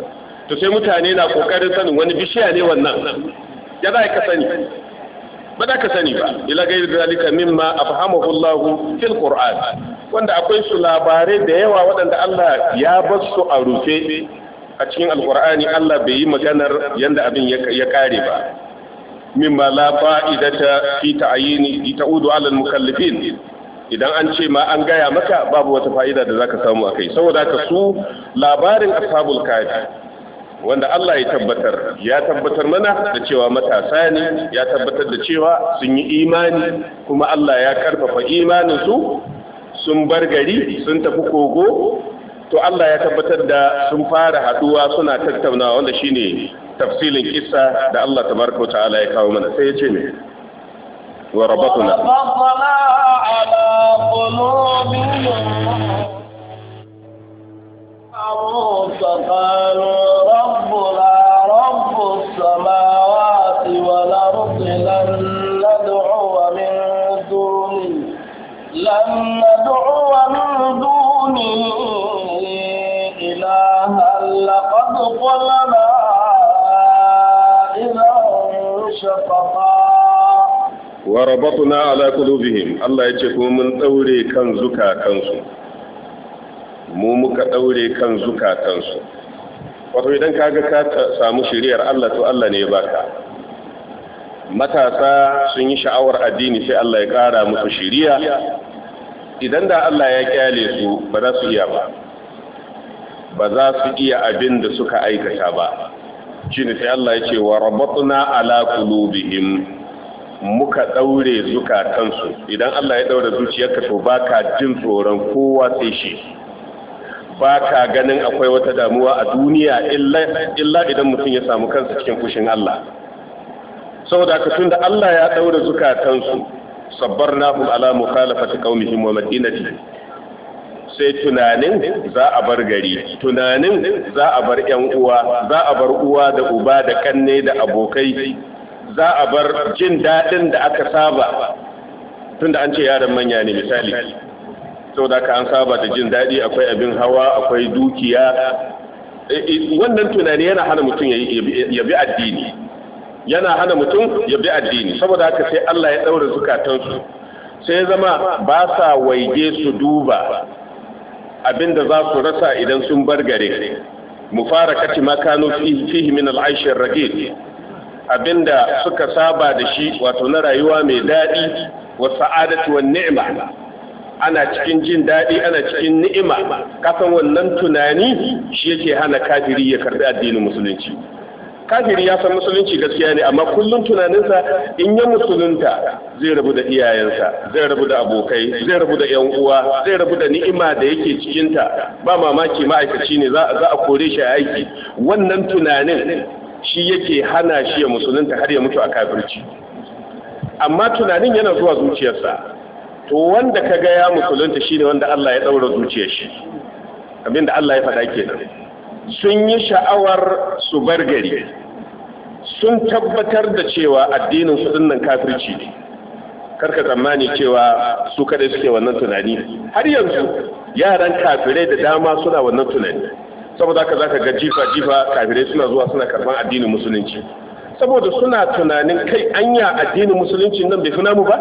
to sai mutane na kokarin sanin wani bishiya ne wannan ya za ka sani ba za ka sani ba ila gairi zalika mimma afhamahu hulahu fil Qur'an wanda akwai su labarai da yawa waɗanda Allah ya bar su a rufe a cikin alqur'ani Allah bai yi maganar yanda abin ya kare ba mimma la fa'idata fi ta'yini ta'udu 'ala al-mukallifin idan an ce ma an gaya maka babu wata fa'ida da zaka samu a kai, saboda ka su labarin ashabul kafi wanda Allah ya tabbatar ya tabbatar mana da cewa matasa ne ya tabbatar da cewa sun yi imani kuma Allah ya karfafa imanin su sun bar gari sun tafi kogo to Allah ya tabbatar da sun fara haduwa suna tattaunawa wanda shine tafsilin kissa da Allah tabaraka ta'ala ya kawo mana sai ya ce ne wa rabatuna موسى قالوا ربنا رب السماوات والأرض لن ندعو من دونه لن ندعو من دونه إلها لقد قلنا إذا شططا وربطنا على قلوبهم الله يجيكم من أولي كنزك كنزك mu muka ɗaure kan zukatansu wato idan kaga ka samu shiriyar Allah to Allah ne ya baka matasa sun yi sha'awar addini sai Allah ya ƙara musu shiriya idan da Allah ya kyale su ba za su iya ba ba za su iya abin da suka aikata ba ne sai Allah ya ce wa rabatuna ala kulubihim muka ɗaure zukatansu idan Allah ya ɗaure zuciyarka to baka jin tsoron kowa sai shi ba ka ganin akwai wata damuwa a duniya illa idan mutum ya samu kansa cikin fushin Allah saboda ka tunda Allah ya daura zukatansu sabbar sabbarnahum ala mukhalafati qaumihim wa madinati sai tunanin za a bar gari tunanin za a bar yan uwa za a bar uwa da uba da kanne da abokai za a bar jin daɗin da aka saba tunda an ce yaran manya ne misali saboda ka an saba da jin daɗi akwai abin hawa akwai dukiya eh, eh, wannan tunani yana hana mutum ya bi addini yana hana mutum ya bi addini saboda haka sai Allah ya ɗaura zukatansu sai ya zama ba sa waige su duba abinda za su rasa idan sun bar gare mu fara kaci makano fihi min al'aishir ragid abinda suka saba da shi wato na rayuwa mai daɗi wa sa'adatu wa ni'ma ana cikin jin daɗi ana cikin ni'ima kasan wannan tunani shi yake hana kafiri ya karbi addinin musulunci kafiri ya san musulunci gaskiya ne amma kullum tunaninsa in ya musulunta zai rabu da iyayensa zai rabu da abokai zai rabu da yan uwa zai rabu da ni'ima da yake cikinta ba mamaki ma'aikaci ne za a kore shi a aiki wannan tunanin shi yake hana shi ya musulunta har ya mutu a kafirci amma tunanin yana zuwa zuciyarsa to wanda ka ga ya musulunta shine wanda Allah ya daura zuciyar shi abinda Allah ya faɗa kenan sun yi sha'awar su bar gari sun tabbatar da cewa addinin su dinnan kafirci ne karka tsammani cewa su kadai suke wannan tunani har yanzu yaran kafirai da dama suna wannan tunani saboda haka zaka ga jifa jifa kafirai suna zuwa suna karban addinin musulunci saboda suna tunanin kai anya addinin musulunci nan bai fi namu ba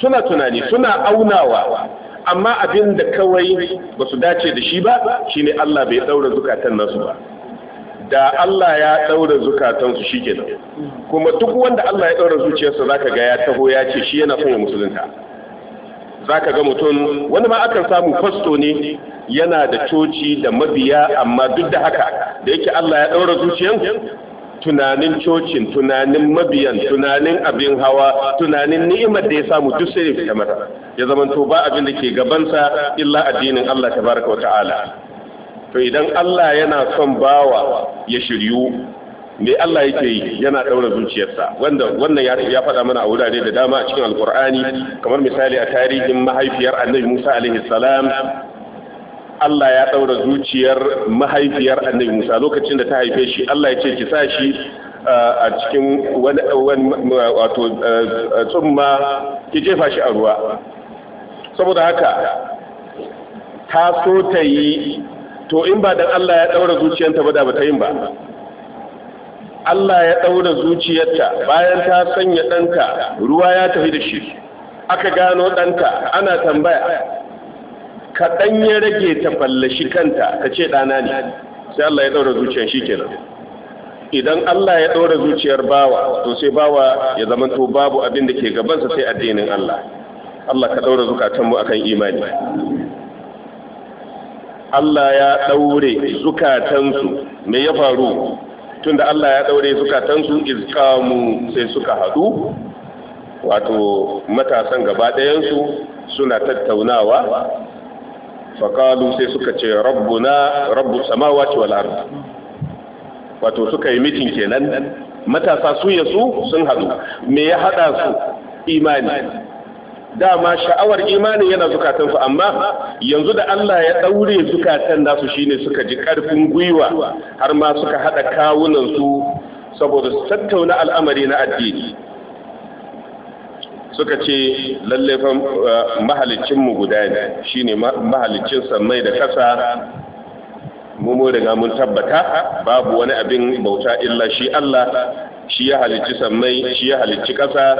suna tunani suna aunawa amma abin da kawai ba su dace da shi ba shine Allah bai daura zukatan nasu ba da Allah ya daura zukatan su shikenan kuma duk wanda Allah ya daura zuciyarsa zaka ga ya taho ya ce shi yana son ya musulunta zaka ga mutum wani ma akan samu fasto ne yana da coci da mabiya amma duk da haka da yake Allah ya daura zuciyan. tunanin cocin tunanin mabiyan tunanin abin hawa tunanin ni'imar da ya samu duk sai fita mata ya zamanto ba abin da ke gabansa illa addinin Allah tabaraka wa ta'ala to idan Allah yana son bawa ya shiryu me Allah yake yi yana daura zuciyarsa wanda wannan ya ya faɗa mana a wurare da dama a cikin alqur'ani kamar misali a tarihin mahaifiyar annabi Musa alaihi salam Allah ya ɗaura zuciyar mahaifiyar annabi Musa lokacin da ta haife shi Allah ya ce ki sa shi uh, a cikin wani wato uh, tsumma ki jefa shi a ruwa saboda haka ta so ta yi to in ba dan Allah ya ɗaura zuciyarta ba da ba ta yin ba Allah ya ɗaura zuciyarta bayan ta sanya ɗanta ruwa ya tafi da shi aka gano ɗanta ana tambaya kaɗan ya rage ta fallashi kanta ka ce ɗana ne sai Allah ya ɗaura zuciyar shi kenan idan Allah ya ɗaura zuciyar bawa to sai bawa ya zama to babu abin da ke gabansa sai addinin Allah Allah ka ɗaura zukatanmu akan imani Allah ya ɗaure zukatansu me ya faru tunda Allah ya ɗaure zukatansu izkamu sai suka haɗu wato matasan gaba ɗayansu suna tattaunawa faƙalu sai suka ce rabbuna rabbu samawati wal ard wato suka yi mitin kenan matasa su ya su sun haɗu me ya haɗa su imani dama sha'awar imani yana zukatan su amma yanzu da Allah ya ɗaure zukatan nasu shine suka ji ƙarfin gwiwa har ma suka haɗa kawunansu su saboda tattauna al'amari na addini suka ce lallafan eh, mahalicinmu guda ne. Shi ne mahalicin sammai da kasa mu da mun tabbata babu wani abin bauta illa shi Allah shi ya halicci sammai shi ya halicci kasa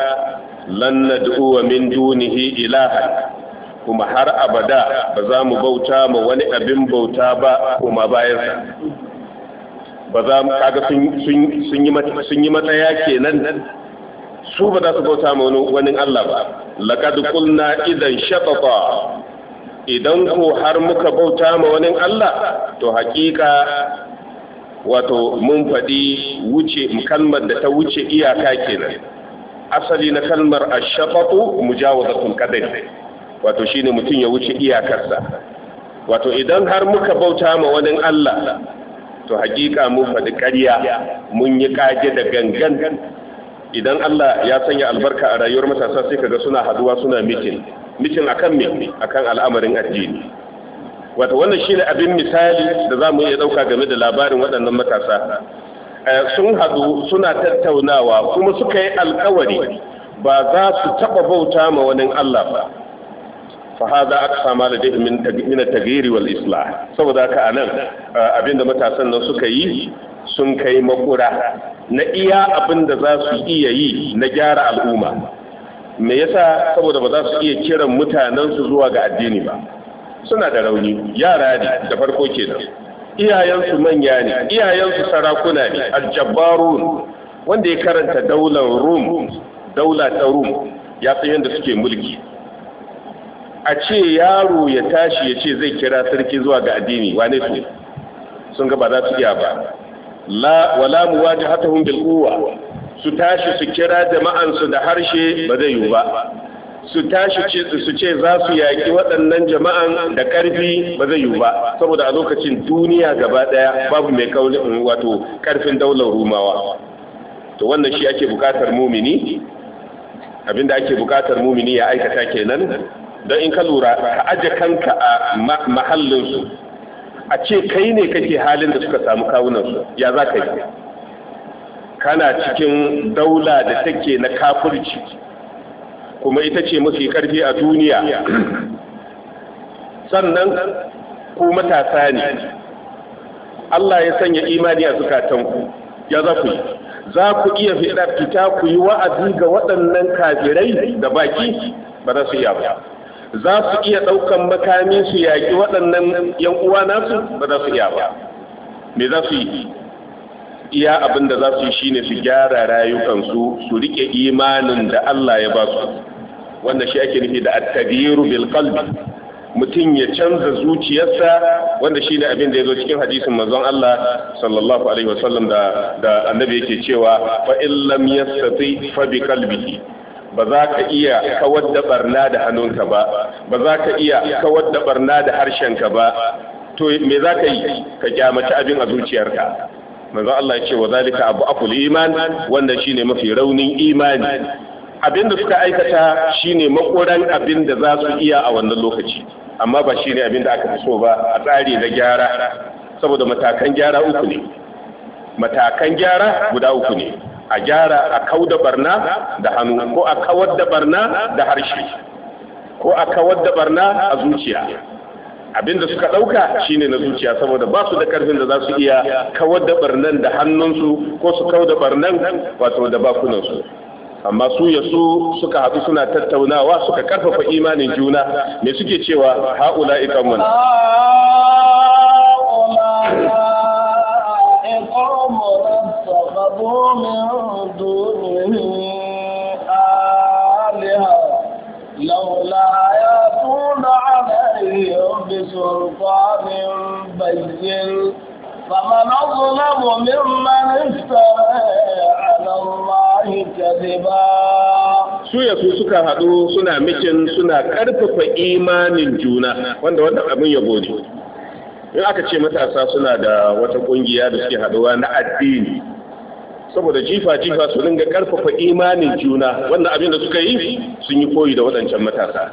lan wa min dunihi ilaha kuma har abada ba za mu bauta ma wani abin bauta ba kuma bayansa ba za mu kaga sun yi matsaya kenan su ba za su bauta ma wani Allah ba laqad qulna idan shatata idan ko har muka bauta ma wani Allah to hakika wato mun faɗi wuce kalmar da ta wuce iyaka kenan asali na kalmar ashafatu mujawazatul qadar wato shine mutum ya wuce iyakarsa wato idan har muka bauta ma wani Allah to hakika mun faɗi ƙarya mun yi kaje da gangan idan Allah ya sanya albarka a rayuwar matasa sai kaga suna haduwa suna mitin mitin akan me akan al'amarin addini wato wannan shine abin misali da zamu iya dauka game da labarin waɗannan matasa eh, sun hadu suna tattaunawa kuma suka yi alkawari ba za su taba bauta ma wani Allah ba fa hada aqsa ma ladayhim min tagiri wal islah saboda ka anan eh, abinda matasan nan suka yi sun kai makura na iya abin da za su iya yi na gyara al'umma me yasa saboda ba za su iya kiran mutanensu zuwa ga addini ba suna da rauni yara ne da farko kenan iyayensu manya ne iyayensu sarakuna ne aljabarun wanda ya karanta daular rum daula ta rum ya san yadda suke mulki a ce yaro ya tashi ya ce zai kira sarki zuwa ga addini wane su sun ga ba za su iya ba la wala muwajahatuhum bil quwwa su tashi su kira jama'ansu da harshe ba zai yiwu ba su tashi su ce za su yaƙi waɗannan jama'an da ƙarfi ba zai yiwu ba saboda a lokacin duniya gaba ɗaya babu mai kaulin wato ƙarfin daular rumawa to wannan shi ake buƙatar mumini abinda ake buƙatar mumini ya aikata kenan don in ka lura ka aje kanka a mahallinsu a ce kai ne kake halin da suka samu kawunansu ya za ka yi kana cikin daula da take na kafurci. kuma ita ce mafi karfi a duniya sannan ku matasa ne Allah ya sanya imani a zukatanku ya za ku yi za ku iya fita ku yi wa'azi ga waɗannan kafirai da baki ba za su iya ba za su iya ɗaukan makamin su yaƙi waɗannan yan uwa nasu ba za su iya ba me za su yi iya abin da za su yi shine su gyara rayukansu su riƙe imanin da Allah ya ba su wanda shi ake nufi da at bil qalbi mutum ya canza zuciyarsa wanda shi ne abin da ya zo cikin hadisin manzon Allah sallallahu alaihi wasallam da da annabi yake cewa fa illam yastati fa bi qalbihi ba za ka iya kawar da barna da hannunka ba ba za ka iya kawar da barna da harshenka ba to me za ka yi ka kyamaci abin a zuciyarka manzo Allah ya ce wa zalika abu aful iman wanda shine mafi raunin imani abin da suka aikata shine makoran abin da za su iya a wannan lokaci amma ba shine abin da aka fi so ba a tsari na gyara saboda matakan gyara uku ne matakan gyara guda uku ne a gyara a kau da barna da hannu ko a kawar da barna da harshe ko a kawar da barna a zuciya abinda suka ɗauka shine na zuciya saboda ba su da karfin da za su iya kawar da barnan da hannunsu ko su kau da barnan wato da bakunansu amma su ya su suka haɗu suna tattaunawa suka karfafa imanin juna me suke cewa ha'ula ikanmun ha'ula ya من دونه آلهة لولا يأتون عليهم بسلطان بين فمن أظلم ممن افترى على الله كذبا su yasu suka haɗu suna micin suna ƙarfafa imanin juna wanda wannan abin ya gode, in aka ce matasa suna da wata ƙungiya da suke haɗuwa na addini saboda jifa jifa su ringa karfafa imanin juna wannan abin da suka yi sun yi koyi da waɗancan matasa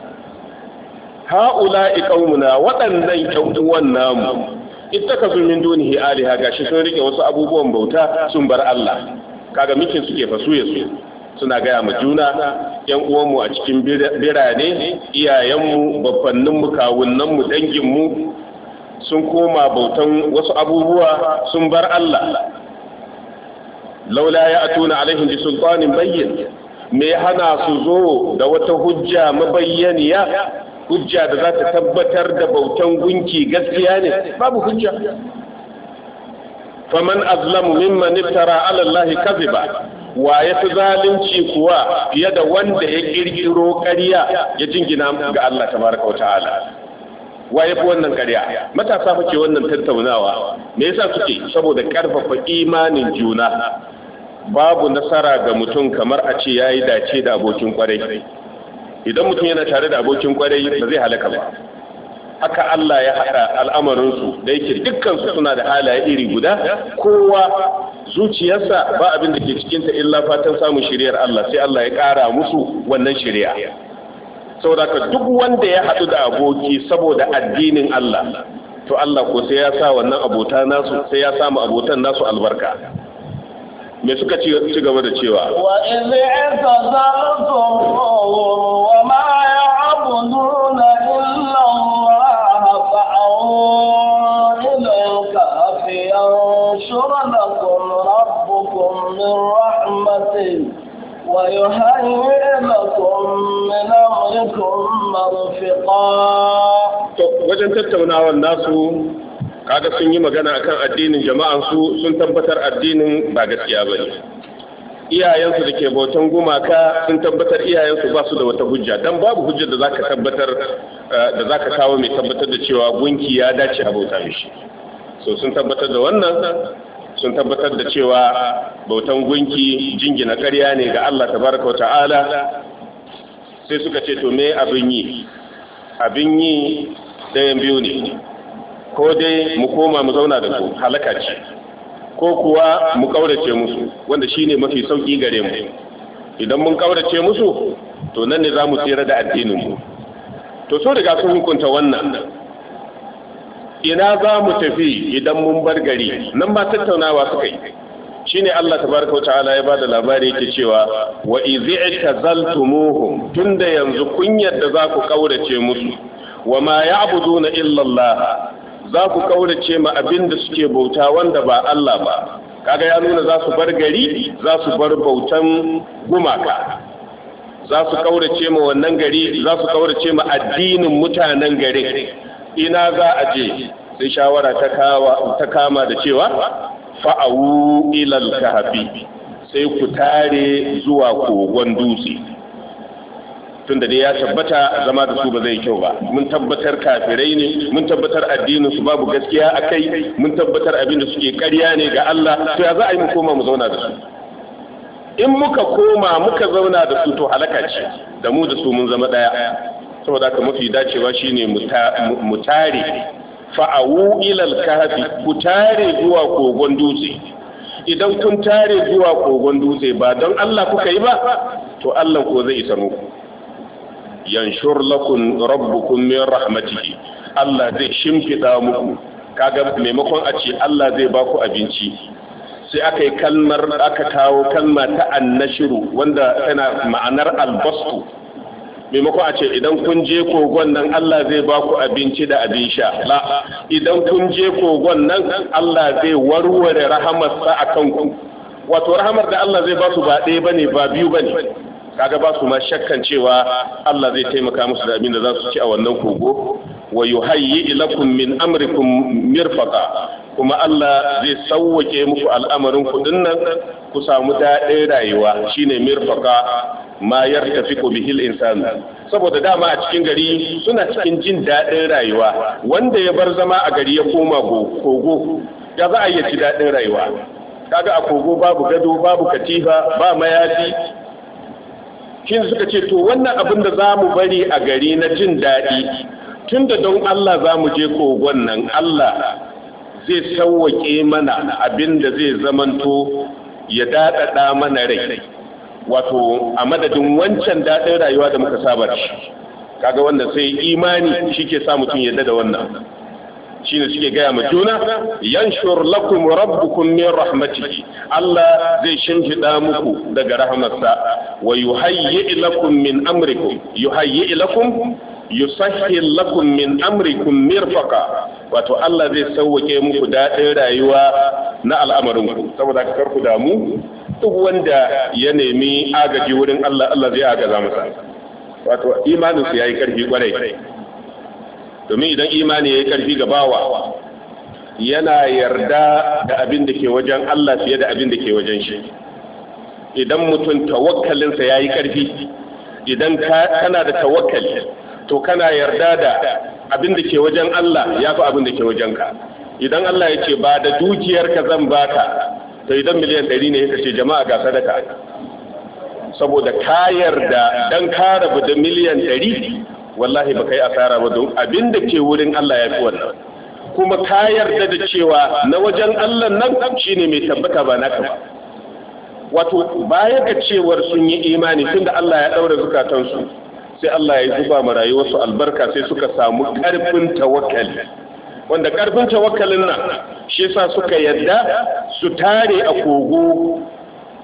haula iqaumuna waɗannan namu. Ita namu ittakazu min dunihi aliha gashi sun rike wasu abubuwan bauta sun bar Allah kaga mikin suke fasuye su suna gaya ma juna yan uwanmu a cikin birane iyayenmu babbanninmu kawunnanmu danginmu sun koma bautan wasu abubuwa sun bar Allah laula ya atuna alaihim bi sultanin bayyin me hana su zo da wata hujja mabayyaniya hujja da za ta tabbatar da bautan gunki gaskiya ne babu hujja faman azlamu mimman iftara ala allahi kadhiba wa ya fi zalunci kuwa fiye da wanda ya kirkiro ƙarya ya jingina ga Allah tabaraka wa ta'ala wa ya fi wannan ƙarya matasa kuke wannan tattaunawa me yasa suke? saboda karfafa imanin juna babu nasara ga mutum kamar a ce ya yi dace da abokin kwarai idan mutum yana tare da abokin kwarai ba zai halaka ba haka Allah ya haɗa al'amarinsu da yake su suna da halaye iri guda kowa zuciyarsa ba abin da ke cikinta illa fatan samun shiriyar Allah sai Allah ya ƙara musu wannan shiriya saboda duk wanda ya haɗu da aboki saboda addinin Allah to Allah ko sai ya sa wannan abota nasu sai ya samu abotan nasu albarka me suka ci gaba da cewa wa to wajen tattaunawar nasu kaga sun yi magana akan addinin jama'an su sun tabbatar addinin ba gaskiya ba ne iyayensu da ke bautan gumaka sun tabbatar iyayensu ba su da wata hujja dan babu hujjar da zaka tabbatar eh, da zaka kawo mai tabbatar da cewa gunki ya dace a bauta mishi so sun tabbatar da wannan sun tabbatar da cewa bautan gunki jingina ƙarya ne ga Allah tabaraka wa ta'ala sai suka ce to me abin yi abin yi ɗayan biyu ne ko dai mu koma mu zauna da su halaka ce ko kuwa mu kaurace musu wanda shine mafi sauki gare mu idan mun kaurace musu to nan ne za tsira da addinin mu to so daga sun hukunta wannan ina za mu tafi idan mun bar gari nan ba tattaunawa suka yi shine Allah tabaraka ta'ala ya bada labari yake cewa wa izi tazaltumuhum tunda yanzu kun yadda za ku kaurace musu wa ma ya'buduna illa Allah za ku kaurace ma abin da suke bauta wanda ba Allah ba kaga ya nuna za su bar gari za su bar bautan gumaka za su kaurace ma wannan gari za su kaurace ma addinin mutanen gari ina za a je sai shawara ta kama da cewa fa'awu ilal kahfi sai ku tare zuwa kogon dutse Tun da dai ya tabbata zama da su ba zai kyau ba mun tabbatar kafirai ne mun tabbatar addinin su babu gaskiya a kai mun tabbatar abin da suke ƙarya ne ga Allah to ya za a yi mu koma mu zauna da su in muka koma muka zauna da su to halaka ce da mu da su mun zama daya saboda haka mafi dacewa shine mu tare fa'awu ilal kahfi ku tare zuwa kogon dutse idan kun tare zuwa kogon dutse ba don Allah kuka yi ba to Allah ko zai isa muku yanshur lakum rabbukum min rahmatihi Allah zai shimfida muku kaga maimakon a ce Allah zai baku abinci sai aka yi kalmar aka kawo kalma ta annashiru wanda tana ma'anar albastu Maimakon a ce idan kun je kogon nan Allah zai ba ku abinci da abin sha la idan kun je kogon nan Allah zai warware rahamarsa akan ku wato rahamar da Allah zai ba su ba ɗaya bane ba biyu bane kaga ba su ma shakkan cewa Allah zai taimaka musu da abin da za su ci a wannan kogo wa yuhayyi ilakum min amrikum mirfaqa kuma Allah zai sauwake muku al'amarin kuɗin nan ku samu daɗin rayuwa shine mirfaqa ma yartafiqu bihil insan saboda dama a cikin gari suna cikin jin daɗin rayuwa wanda ya bar zama a gari ya koma kogo ya za a yi ci daɗin rayuwa kaga a kogo babu gado babu katifa ba mayafi shi suka ce to wannan abin da za mu bari a gari na jin daɗi tun da don Allah za mu je kogon nan Allah zai sauwaƙe mana abin da zai zamanto ya daɗaɗa mana rai wato a madadin wancan daɗin rayuwa da muka saba shi kaga wanda sai imani shi ke sa mutum yadda da wannan shine suke gaya ma juna yanshur lakum rabbukum min rahmatihi Allah zai shinhida muku daga rahamarsa wa yuhayyi lakum min amrikum yuhayyi lakum yusahhil lakum min amrikum mirfaqa wato Allah zai sauwake muku daɗin rayuwa na al'amarin ku saboda karku damu duk wanda ya nemi agaji wurin Allah Allah zai agaza masa wato imanin su yayi karfi kwarai domin idan imani ya yi ƙarfi ga bawa yana yarda da abin da ke wajen Allah fiye da abin da ke wajen shi idan mutum tawakkalinsa ya yi ƙarfi idan kana da tawakkali to kana yarda da abin da ke wajen Allah ya fi abin da ke wajen ka idan Allah ya ce ba da dukiyarka zan ba baka to idan miliyan ɗari ne ya ce jama'a ga sadaka saboda ka yarda dan ka rabu da miliyan ɗari wallahi baka yi asara ba don abin da ke wurin Allah ya fi wannan kuma ka yarda da cewa na wajen Allah nan shi ne mai tabbata ba naka ba wato baya ga cewar sun yi imani tunda Allah ya daura zukatansu sai Allah ya zuba ma rayuwarsu albarka sai suka samu karfin tawakkali wanda karfin tawakkalin nan shi yasa suka yarda su tare a kogo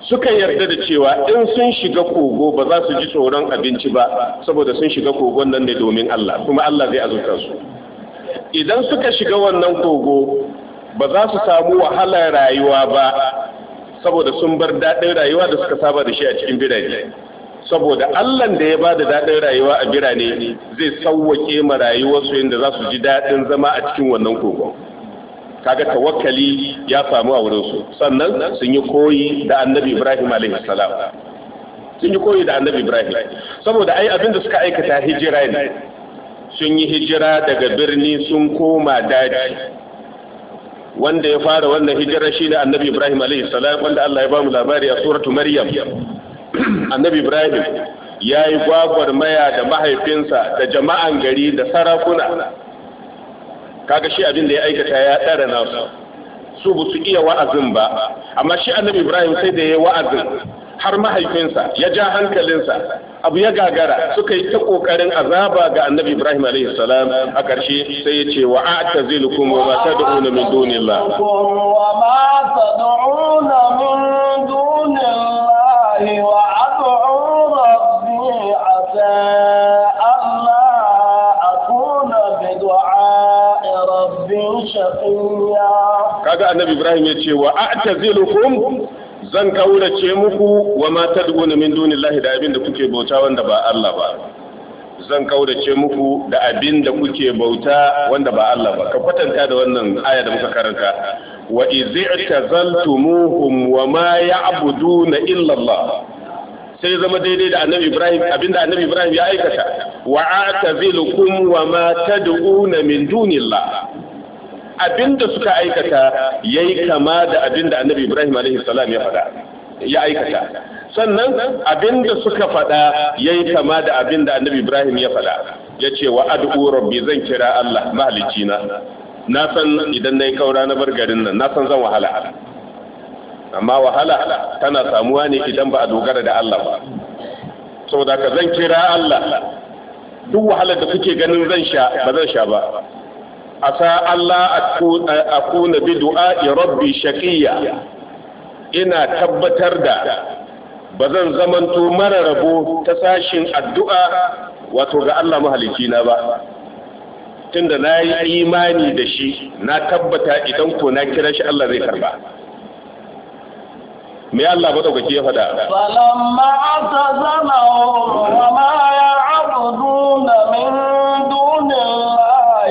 suka yarda da cewa in sun shiga kogo ba za su ji tsoron abinci ba saboda sun shiga kogon nan ne domin Allah kuma Allah zai azurta su idan suka shiga wannan kogo ba za su samu wahalar rayuwa ba saboda sun bar daɗin rayuwa da suka saba da shi a cikin birane saboda Allahn da ya ba da daɗin rayuwa a birane zai sauwake ma rayuwarsu yadda za su ji daɗin zama a cikin wannan kogon kaga tawakkali ya samu a wurinsu sannan sun yi koyi da annabi ibrahim alaihi salam sun yi koyi da annabi ibrahim saboda ai abin da suka aikata hijira ne sun yi hijira daga birni sun koma daji wanda ya fara wannan hijira ne annabi ibrahim alaihi salam wanda Allah ya ba mu labari a suratu maryam (clears throat) annabi ibrahim ya yi gwagwarmaya da mahaifinsa da jama'an gari da sarakuna kaga shi abin da ya aikata ya tsara nasu su ba su iya wa'azin ba amma shi annabi ibrahim sai da ya yi wa'azin har mahaifinsa ya ja hankalinsa abu ya gagara suka yi ta kokarin azaba ga annabi ibrahim alaihi salam a karshe sai ya ce wa a'tazilukum wa ma wa ma tad'una min dunillah wa ad'u kaga annabi ibrahim ya ce wa a'tazilukum zan kaurace muku wa ma tad'una min dunillahi da abin da kuke bauta wanda ba Allah ba zan kaurace muku da abin da kuke bauta wanda ba Allah ba ka kwatanta da wannan aya da muka karanta wa iz'tazaltumuhum wa ma ya'buduna illa Allah sai zama daidai da annabi Ibrahim abinda annabi Ibrahim ya aikata wa atazilukum wa ma tad'una min dunillahi abinda suka aikata ya yi kama da abinda annabi Ibrahim salam ya faɗa ya aikata sannan abinda suka faɗa yi kama da abinda annabi Ibrahim ya faɗa ce wa adu'u rabbi zan kira Allah mahalicina na san idan na yi kaura na bar garin nan na san zan wahala amma wahala tana samuwa ne idan ba a dogara da Allah ba saboda ka zan kira Allah duk wahalar da kuke ganin zan sha ba zan sha ba asa Allah a kuna bi du'a'i rabbi shaqiyya ina tabbatar da ba zan zamanto mara rabo ta sashin addu'a wato ga Allah na ba tunda na yi imani da shi na tabbata idan ko na kira shi Allah zai karba me Allah ba dauke ya fada falamma atazama wa ma ya'buduna min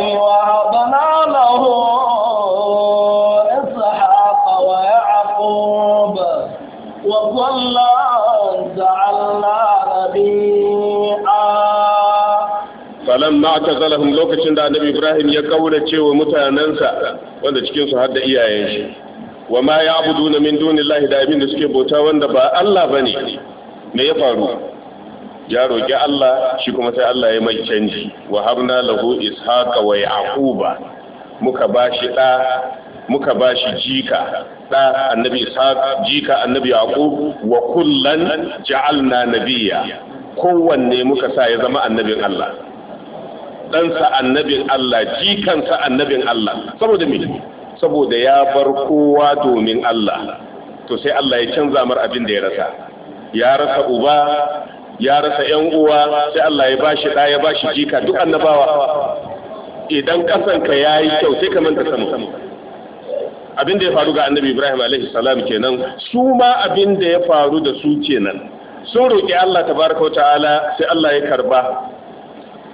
ووهبنا له إسحاق ويعقوب وكلا da annabi Ibrahim ya kaurace wa mutanensa wanda cikin su har da iyayen shi wa ma ya'buduna min lahi da abin da suke bauta wanda ba Allah ba ne, me ya faru ya roƙi Allah shi kuma sai Allah ya mai canji wa habna lahu ishaqa wa yaquba muka bashi da muka bashi jika da annabi ishaq jika annabi yaqub wa kullan ja'alna nabiyya kowanne muka sa ya zama annabin Allah ɗansa annabin Allah jikansa annabin Allah saboda me saboda ya bar kowa domin Allah to sai Allah ya canza mar abin da ya rasa ya rasa uba ya rasa yan uwa sai Allah ya bashi da bashi jika duk annabawa idan ƙasanka ya yi kyau sai ka manta sama abin da ya faru ga annabi ibrahim alaihi salam kenan su ma abin da ya faru da su kenan sun roƙi allah tabaraka wa ta'ala sai allah ya karba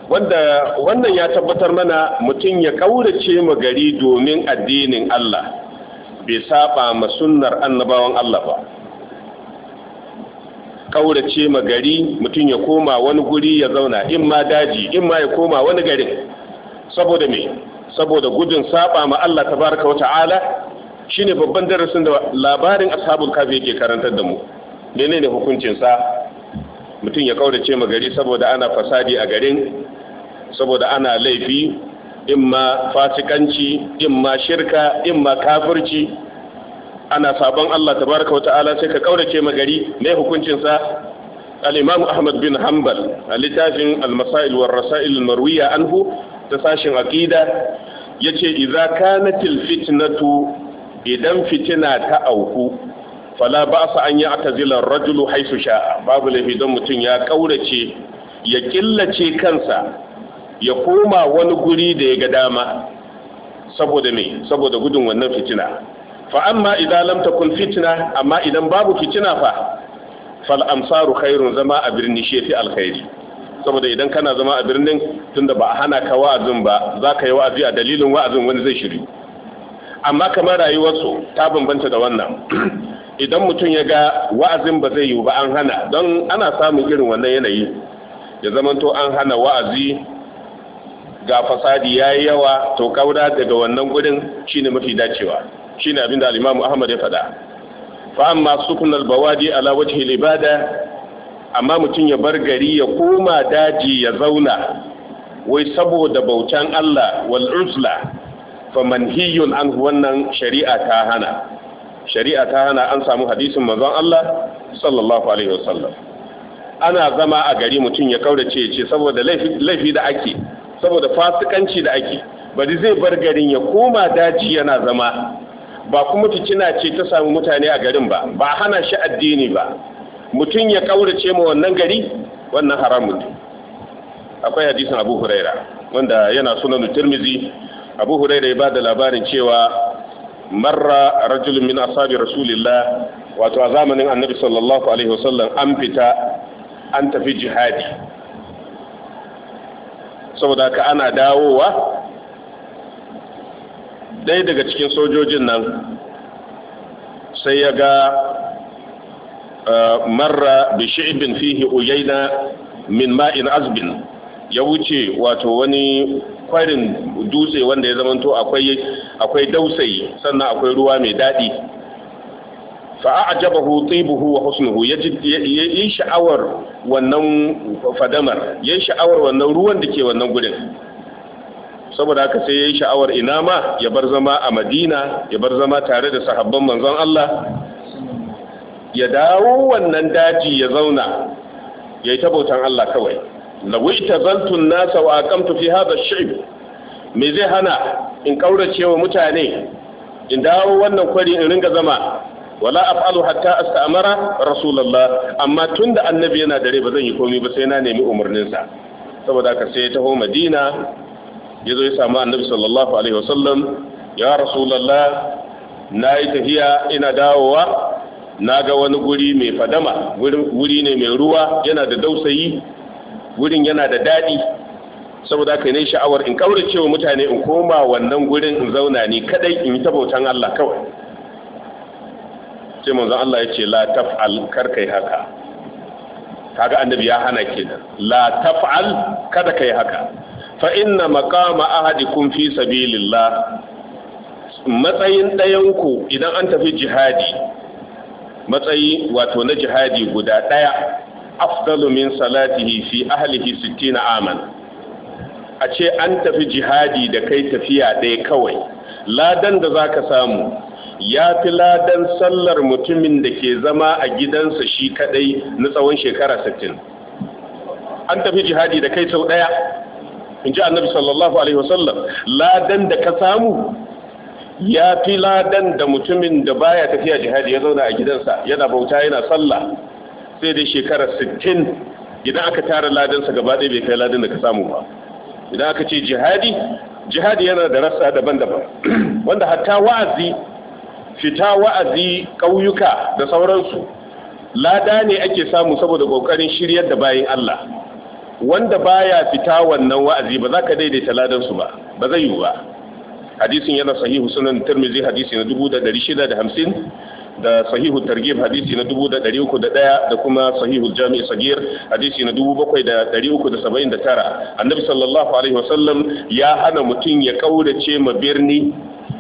wanda wannan ya tabbatar mana mutum ya kaurace ma gari domin addinin allah bai saba ma sunnar annabawan allah ba ƙaurace ma gari mutum ya koma wani guri ya zauna in ma daji in ma ya koma wani garin saboda me saboda gudun saba ma Allah tabaraka wa ta'ala shine babban darasin da labarin ashabul kafi yake karantar da mu menene hukuncin sa mutum ya ƙaurace ma gari saboda ana fasadi a garin saboda ana laifi in ma fasikanci in ma shirka in ma kafirci ana sabon Allah tabaraka wata'ala sai ka kaurace ma gari me hukuncin sa al-Imam Ahmad bin Hanbal a littafin al-Masail war Rasail marwiya anhu ta sashin aqida yace idza kanatil fitnatu idan fitina ta auku fala ba'sa an ya'tazila ar-rajulu haythu sha'a babu lafi don mutun ya kaurace ya killace kansa ya koma wani guri da ya ga dama saboda me saboda gudun wannan fitina fa amma idan lam takun fitna amma idan babu fitina fa fal amsaru khairun zama a birni shefi alkhairi saboda idan kana zama a birnin tunda ba a hana ka wa'azin ba za ka yi wa'azi a dalilin wa'azin wani zai shiri amma kamar rayuwarsu ta bambanta da wannan idan mutum ya ga wa'azin ba zai yiwu ba an hana don ana samun irin wannan yanayi ya zamanto an hana wa'azi ga fasadi ya yi yawa to kaura daga wannan gudun shine mafi dacewa shine abin da al-Imam Ahmad ya faɗa fa amma sukunal bawadi ala wajhi al-ibada amma mutum ya bar gari ya koma daji ya zauna wai saboda bautan Allah wal uzla fa manhiyun an wannan shari'a ta hana shari'a ta hana an samu hadisin manzon Allah sallallahu alaihi wasallam ana zama a gari mutum ya kaurace ce saboda laifi da ake saboda fasikanci da ake bari zai bar garin ya koma daji yana zama ba kuma fitina ce ta samu mutane a garin ba ba hana shi addini ba mutum ya kaurace ma wannan gari wannan haramun ne akwai hadisin abu huraira wanda yana sunan tirmizi abu huraira ya ba da labarin cewa marra rajulun min ashabi rasulillah wato a zamanin annabi sallallahu alaihi wasallam an fita an tafi jihadi saboda ka ana dawowa ɗaya daga cikin sojojin nan sai ya ga eh, marra bi shi'bin fihi uyaina min ma'in azbin ya wuce wato wani kwarin dutse wanda ya zamanto akwai dausayi sannan akwai ruwa mai daɗi fa'ajabahu tibuhu wa husnuhu yi sha'awar wannan fadamar ya yi sha'awar wannan ruwan da ke wannan gudun. saboda haka sai ya yi sha'awar ina ma ya bar zama a madina ya bar zama tare da sahabban manzon Allah ya dawo wannan daji ya zauna ya yi tabautan Allah kawai lawai ta zantun nasa wa akamtu fi hada shi'ib me zai hana in kaurace wa mutane in dawo wannan kwari in ringa zama wala af'alu hatta asta'mara rasulullah amma tunda annabi yana dare ba zan yi komai ba sai na nemi umarninsa saboda haka sai ya taho madina ya zo ya samu annabi sallallahu alaihi wasallam ya rasulallah na yi tafiya ina dawowa na ga wani guri mai fadama guri ne mai ruwa yana da dausayi gurin yana da daɗi saboda kai ne sha'awar in kaurace wa mutane in koma wannan gurin in zauna ni kadai in yi ta bautan Allah kawai sai manzon Allah ya ce la taf'al kar kai haka kaga annabi ya hana kenan la taf'al kada kai haka fa inna maqama ahadikum fi sabilillah matsayin ɗayanku idan an tafi jihadi matsayi wato na jihadi guda ɗaya afdalu min salatihi fi ahlihi sittina aman a ce an tafi jihadi da kai tafiya ɗaya kawai ladan da za ka samu ya fi ladan sallar mutumin da ke zama a gidansa shi kadai na tsawon shekara sittin. an tafi jihadi da kai sau ɗaya in ji annabi sallallahu alaihi wasallam ladan da ka samu ya fi ladan da mutumin da baya tafiya jihadi ya zauna a gidansa yana bauta yana sallah sai dai shekara 60 idan aka tara ladansa gaba ɗaya bai kai ladan da ka samu ba idan aka ce jihadi jihadi yana da rassa daban-daban (clears throat) wanda hatta wa'azi fita wa'azi ƙauyuka da sauransu lada ne ake samu saboda ƙoƙarin shiryar da bayan Allah wanda baya fita wannan wa'azi ba za ka daidaita ladan su ba ba zai yiwu ba hadisin yana sahihu sunan tirmidhi hadisi na 1650 da sahihu targhib hadisi na 1301 da kuma sahihu jami' sagir hadisi na 7379 annabi sallallahu alaihi wasallam ya hana mutum ya kaurace ma birni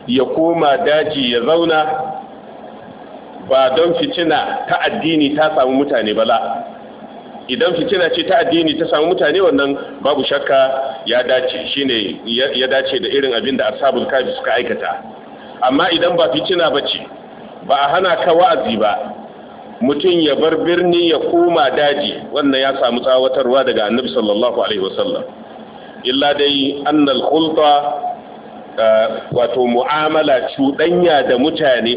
ya koma daji ya zauna ba don fitina ta addini ta samu mutane bala idan fitina ce ta addini ta samu mutane wannan babu shakka ya dace shine ya dace da irin abin da ashabul kafi suka aikata amma idan ba fitina bace ba a hana ka wa'azi ba mutum ya bar birni ya koma daji wannan ya samu tsawatarwa daga annabi sallallahu alaihi wasallam illa dai annal khulta eh, wato mu'amala cuɗanya da mutane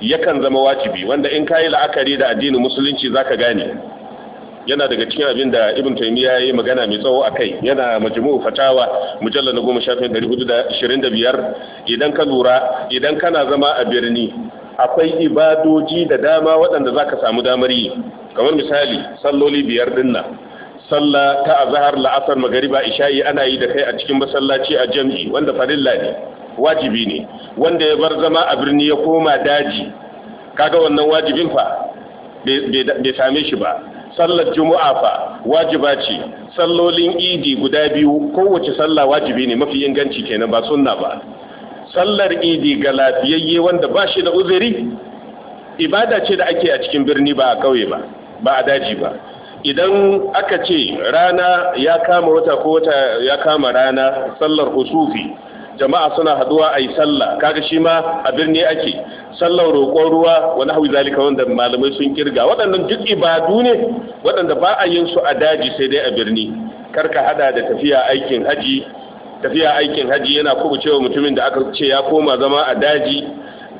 yakan zama wajibi wanda in kayi la'akari da addinin musulunci zaka gane yana daga cikin abin da ibn ya yi magana mai tsawo a kai. yana majmu'u fatawa mujallar na goma shafin ɗari hudu da ashirin da biyar idan ka lura idan kana zama a birni akwai ibadoji da dama waɗanda za ka samu damar yi kamar misali salloli biyar dinna, sallah ta azhar la'asar magariba isha'i ana yi da kai a cikin masallaci a Jam'ii. wanda farilla ne wajibi ne wanda ya bar zama a birni ya koma daji kaga wannan wajibin fa bai same shi ba sallar juma'a fa wajiba ce sallolin idi guda biyu kowace sallah wajibi ne mafi inganci kenan ba sunna ba sallar idi ga lafiyayye wanda ba shi da uzuri ibada ce da ake a cikin birni ba a kauye ba ba a daji ba idan aka ce rana ya kama wata ko wata ya kama rana sallar husufi jama'a suna haduwa yi sallah kaga shi ma a birni ake sallar roƙon ruwa wani hawi zalika wanda malamai sun kirga waɗannan duk ibadu ne waɗanda ba a yin su a daji sai dai a birni Kar ka hada da tafiya aikin haji tafiya aikin haji yana kubucewa mutumin da aka ce ya koma zama a daji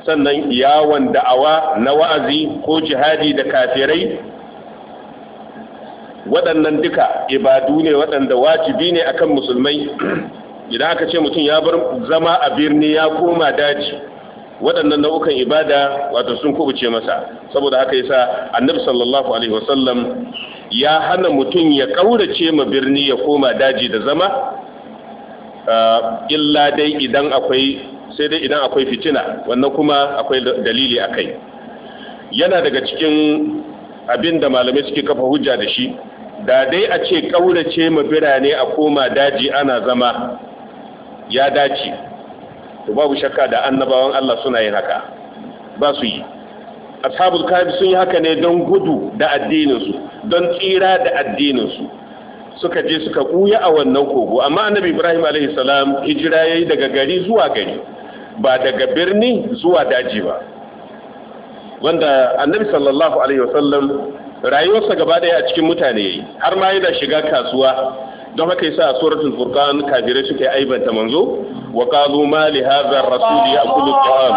sannan yawon da'awa na wa'azi ko jihadi da kafirai waɗannan duka ibadu ne waɗanda wajibi ne akan musulmai idan aka ce mutum ya bar zama a birni ya koma daji waɗannan nau'ukan ibada wato sun kubuce masa saboda haka yasa annabi sallallahu alaihi wasallam ya hana mutum ya kaurace ma birni ya koma daji da zama illa dai idan akwai sai dai idan akwai fitina wannan kuma akwai dalili akai yana daga cikin abin da malamai suke kafa hujja da shi da dai a ce ƙaurace ma birane a koma daji ana zama ya dace to babu shakka da annabawan Allah suna yin haka ba su yi ashabul kafi sun yi haka ne don gudu da addininsu don tsira da addininsu suka je suka kuya a wannan kogo amma annabi ibrahim alaihi salam hijira yayi daga gari zuwa gari ba daga birni zuwa daji ba wanda annabi sallallahu alaihi wasallam rayuwarsa gaba daya a cikin mutane yayi har ma yana shiga kasuwa don haka yasa a suratul furqan kafirai suke aibanta manzo wa qalu ma li hadha ar-rasul ya'kul at-ta'am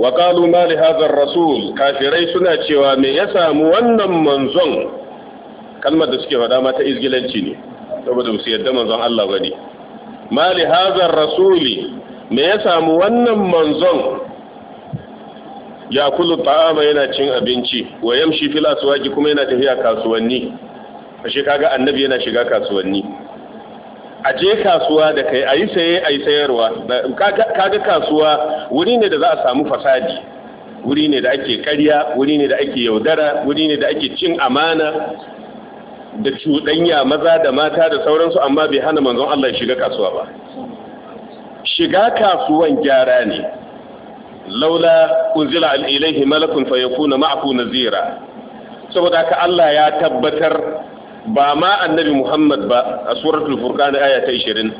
wa qalu ma li hadha ar-rasul kafirai suna cewa me ya samu wannan manzon kalmar da suke faɗa mata ta izgilanci ne saboda su yadda manzon Allah bane Mali, ma hazar rasuli me ya samu wannan manzon ya kullu ta'ama yana cin abinci wa yamshi fil aswaqi kuma yana tafiya kasuwanni ashe kaga annabi yana shiga kasuwanni a kasuwa da kai ayi saye ayi sayarwa kaga kasuwa wuri ne da za a samu fasadi wuri ne da ake karya wuri ne da ake yaudara wuri ne da ake cin amana da cuɗanya maza da mata da sauransu amma bai hana manzon Allah shiga kasuwa ba shiga kasuwan gyara ne laula unzila ilaihi malakun fa yakuna ma'ahu nazira saboda haka Allah ya tabbatar ba ma annabi Muhammad ba a suratul furqan aya ta 20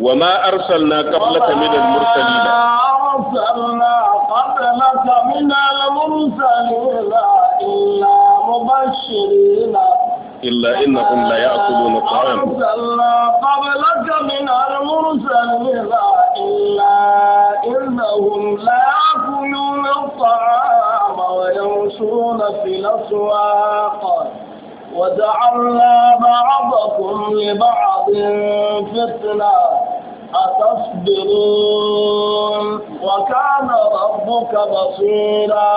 wa ma arsalna qablaka minal mursalin أرسلنا قبلك من المرسلين إلا مبشرين إلا إنهم لا يأكلون الطعام أرسلنا قبلك من المرسلين إلا إنهم لا يأكلون الطعام ويمشون في الأسواق وجعلنا بعضكم لبعض فتنة أتصبرون وكان ربك بصيرا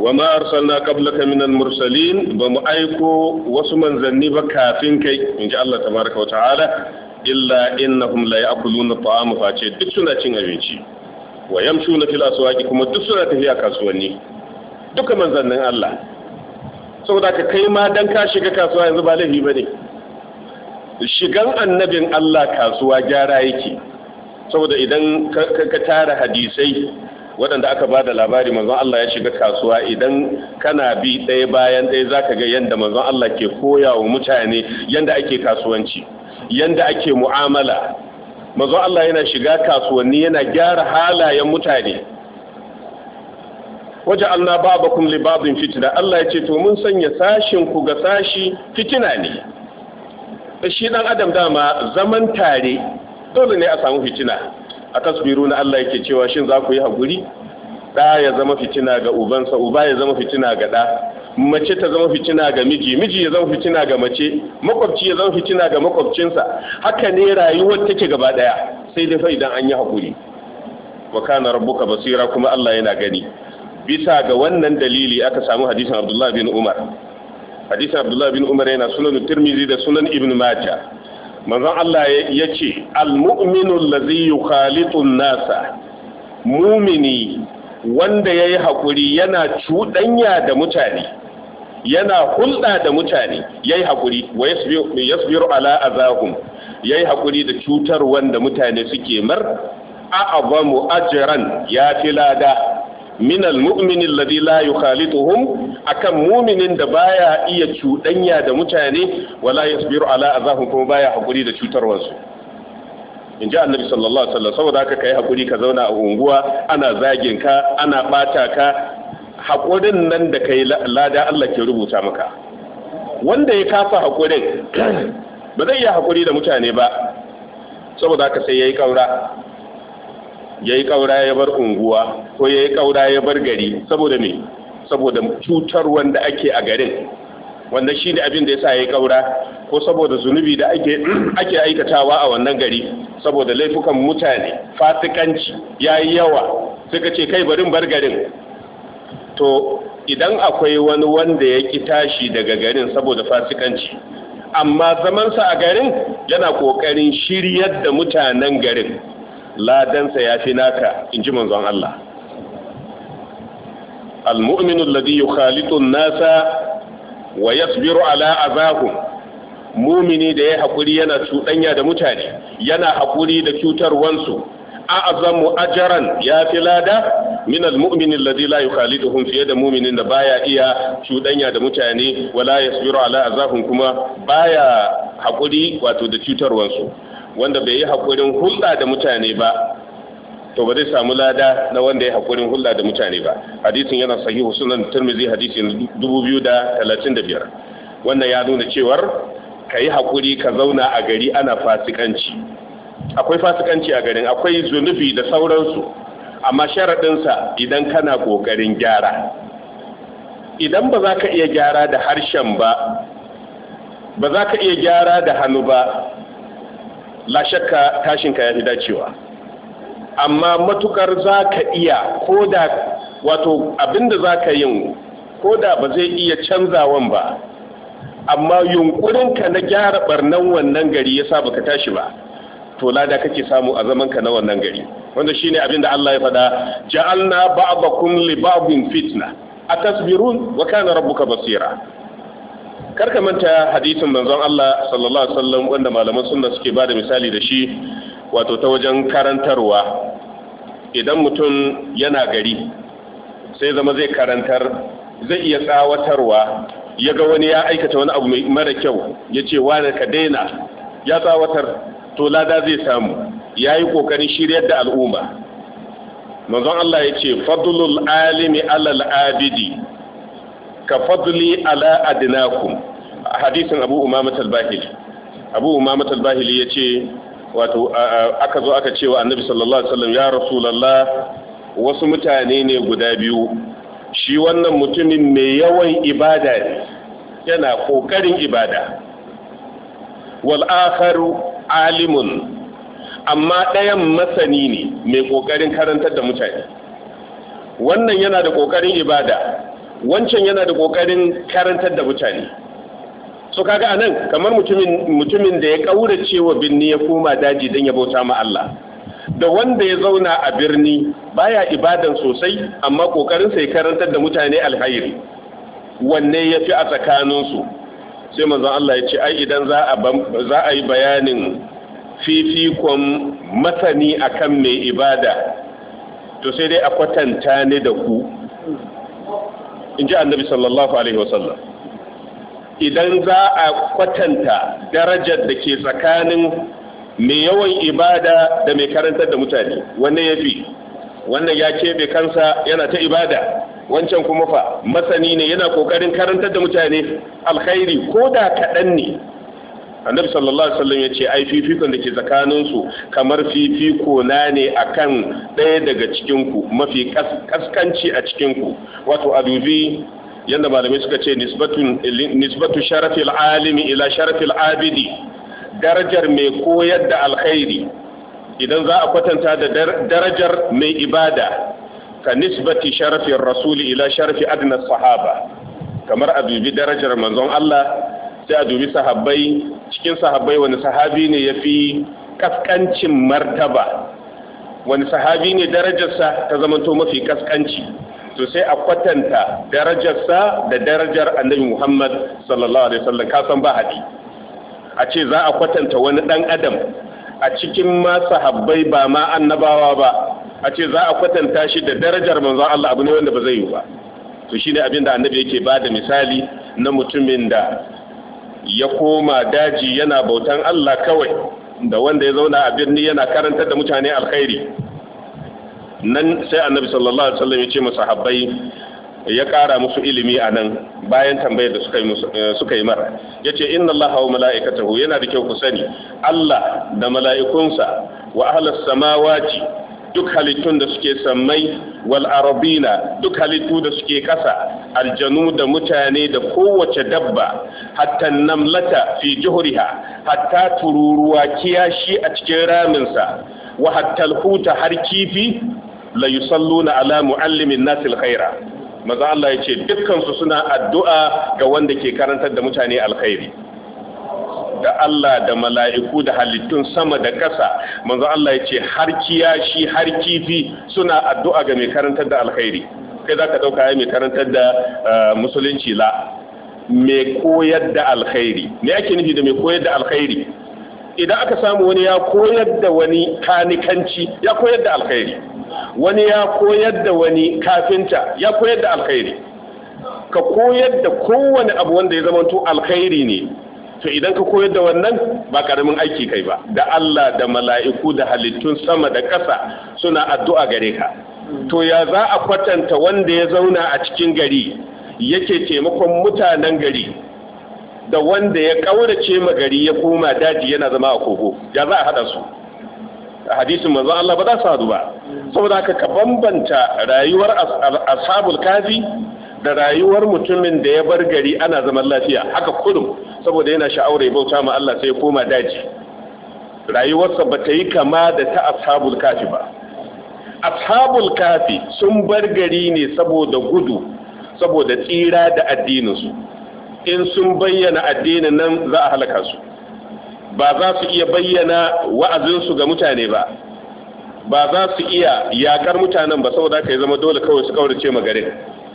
وما أرسلنا قبلك من المرسلين بمعيكو وسمن ذنب كافين كي إن شاء الله تبارك وتعالى إلا إنهم لا يأكلون الطعام فاتي دكسونا تين أبينشي ويمشون في الأسواق كما دكسونا تهيا كاسواني دك من ذنب الله سوداك كيما دنكاشي كاسواني dan ka shigan annabin Allah kasuwa gyara yake saboda idan ka tara hadisai waɗanda aka ba da labari manzon Allah ya shiga kasuwa idan kana bi ɗaya bayan ɗaya za ka ga yadda manzon Allah ke koya wa mutane yadda ake kasuwanci yadda ake mu'amala manzon Allah yana shiga kasuwanni yana gyara halayen mutane waje Allah ba kun libabin fitina Allah ya ce to mun sanya sashin ku ga sashi fitina ne shi dan adam dama zaman tare dole ne a samu fitina a tasbiru na Allah yake cewa shin za ku yi haƙuri Ɗa ya zama fitina ga ubansa uba ya zama fitina ga ɗa. mace ta zama fitina ga miji miji ya zama fitina ga mace makwabci ya zama fitina ga makwabcinsa haka ne rayuwar take gaba ɗaya sai dai fa idan an yi haƙuri wa kana rabbuka basira kuma Allah yana gani bisa ga wannan dalili aka samu hadisin Abdullah bin Umar hadisi abdullah bin umar yana sunan tirmizi da sunan ibn majah manzon Allah ya ce almu'minu allazi yukhalitu nasa mumini wanda yayi hakuri yana cuɗanya da mutane yana hulɗa da mutane yayi hakuri wa yasbiru ala azahum yayi hakuri da cutar wanda mutane suke mar a'azamu ajran ya fi lada min almu'minin alladhi la yukhalituhum akan muminin da baya iya cuɗanya da mutane wala yasbiru ala azahum kuma baya hakuri da cutarwarsu in ji annabi sallallahu alaihi wasallam saboda haka kai hakuri ka zauna a unguwa ana zagin ka ana bata ka hakurin nan da kai lada Allah ke rubuta maka wanda ya kafa hakurin (clears throat) ba zai iya hakuri da mutane ba saboda haka sai yayi kaura ya yi ƙaura ya bar unguwa ko ya yi ƙaura ya bar gari saboda me saboda cutar wanda ake a garin wanda shi ne abin da ya sa ya yi ƙaura ko saboda zunubi da (clears throat) ake aikatawa a wannan gari saboda laifukan mutane fasikanci ya yi yawa suka ce kai barin bar garin to idan akwai wani wanda ya ƙi tashi daga garin saboda fasikanci amma zamansa a garin yana ƙoƙarin shiryar da mutanen garin ladansa ya fi naka in ji manzon Allah al alladhi yukhalitu an-nasa wa yasbiru ala azahum mumini da ya hakuri yana cuɗanya da mutane yana hakuri da cutarwansu a'zamu ajran ya fi lada min al-mu'min alladhi la yukhaliduhum fiye da muminin da baya iya cuɗanya da mutane wala yasbiru ala azahum kuma baya hakuri wato da cutarwansu wanda bai yi haƙurin hulɗa da mutane ba to ba zai samu lada na wanda ya haƙurin hulɗa da mutane ba hadisin yana sahihu sunan tirmidhi hadisin 2035 wannan ya nuna cewar ka yi haƙuri ka zauna a gari ana fasikanci akwai fasikanci a garin akwai zunubi da sauransu amma sharaɗinsa idan kana ƙoƙarin gyara idan ba za ka iya gyara da harshen ba ba za ka iya gyara da hannu ba la shakka tashinka ya fi dacewa amma matukar za ka iya ko da wato abinda za ka yin ko da ba zai iya canzawan ba amma yunkurinka na gyara barnan wannan gari ya sa ka tashi ba to lada kake samu a zamanka na wannan gari wanda shine da Allah ya faɗa ja'alna ba'dakum li ba'din fitna atasbirun wa kana rabbuka basira karka manta hadisin manzon Allah sallallahu alaihi wasallam wanda malaman sunna suke ba da misali da shi wato ta wajen karantarwa idan mutum yana gari sai zama zai karantar zai iya tsawatarwa ya ga wani ya aikata wani abu mara kyau ya ce wani ka daina ya tsawatar to lada zai samu ya yi ƙoƙarin shiryar da al'umma manzon Allah ya ce fadlul alimi alal abidi ka fadli ala adinakum hadisin abu umamat al-bahili abu umamat al-bahili ya ce wato aka zo aka cewa annabi sallallahu alaihi wasallam ya rasulullah wasu mutane ne guda biyu shi wannan mutumin mai yawan ibada ne yana kokarin ibada wal akharu alimun amma ɗayan masani ne mai kokarin karantar da mutane wannan yana da kokarin ibada wancan yana da kokarin karantar da mutane so kaga anan kamar mutumin mutumin da ya kaura wa binni ya koma daji dan ya bauta ma Allah da wanda ya zauna a birni baya ibadan sosai amma kokarin ya karantar da mutane alkhairi wanne yafi a tsakanin su sai manzo Allah ya ce ai idan za a za a yi bayanin fifikon masani akan mai ibada to sai dai a kwatanta ne da ku in ji annabi sallallahu alaihi wasallam idan za a kwatanta darajar da ke tsakanin mai yawan ibada da mai karantar da mutane wannan ya fi wannan ya keɓe kansa yana ta ibada wancan kuma fa masani ne yana kokarin karantar da mutane alkhairi ko da kaɗan ne annabi sallallahu alaihi wasallam ya ce ai fifikon da ke tsakaninsu kamar fifiko na ne akan ɗaya daga cikinku mafi kaskanci a cikinku wato a yadda malamai suka ce nisbatu sharafil alimi ila sharafil abidi darajar mai koyar da alkhairi idan za a kwatanta da darajar mai ibada ka nisbati sharafin rasuli ila sharafi adna sahaba kamar a dubi darajar manzon Allah sai a dubi sahabbai cikin sahabbai wani sahabi ne ya fi kaskancin martaba wani sahabi ne darajarsa ta zamanto mafi kaskanci to sai a kwatanta darajarsa da darajar annabi Muhammad sallallahu alaihi wasallam ka san ba hadi a ce za a kwatanta wani dan adam a cikin ma sahabbai ba ma annabawa ba a ce za a kwatanta shi da darajar manzon Allah abu ne wanda ba zai yi ba to shine abin da annabi yake bada misali na mutumin da ya koma daji yana bautan Allah kawai da wanda ya zauna a birni yana karantar da mutane alkhairi nan sai annabi sallallahu alaihi wasallam ya ce masahabbai ya ƙara musu ilimi a nan bayan tambayar da eh, suka yi mara ya ce inna allaha wa mala'ikatahu yana da kyau ku sani allah da mala'ikunsa wa ahlas samawati duk halittun da suke sammai wal arabina duk halittu da suke ƙasa aljanu da mutane da kowace dabba hatta namlata fi juhriha hatta tururuwa kiyashi a cikin raminsa wa hatta huta har kifi la yusalluna ala muallimin nasil khaira maza Allah ya ce dukkansu suna addu'a ga wanda ke karantar da mutane alkhairi da Allah da mala'iku da halittun sama da ƙasa manzo Allah ya ce har kiyashi har kifi suna addu'a ga mai karantar da alkhairi kai zaka dauka ɗauka mai karantar da eh, musulunci la mai koyar da alkhairi me ake nufi da mai koyar da alkhairi idan aka samu wani ya koyar da wani kanikanci ya koyar da alkhairi wani ya koyar da wani kafinta ya koyar da alkhairi ka koyar da kowane abu wanda ya zamanto alkhairi ne to idan ka koyar da wannan ba karamin aiki kai ba da Allah da mala'iku da halittun sama da ƙasa suna addu'a gare ka to ya za a kwatanta wanda ya zauna a cikin gari yake taimakon mutanen gari da wanda ya ƙaurace ma gari ya koma daji yana zama a kogo ya za a haɗa su A hadisin manzo Allah ba za su hadu ba saboda haka ka bambanta rayuwar ashabul kazi da rayuwar mutumin da ya bar gari ana zaman lafiya haka kudum saboda yana sha'awar bauta ma Allah sai ya koma daji rayuwarsa ba ta yi kama da ta ashabul kafi ba ashabul kafi sun bar gari ne saboda gudu saboda tsira da addininsu in sun bayyana addinin nan za a halaka su ba za su iya bayyana wa'azinsu ga mutane ba ba za su iya yakar mutanen ba saboda ka yi zama dole kawai su kaurace magarin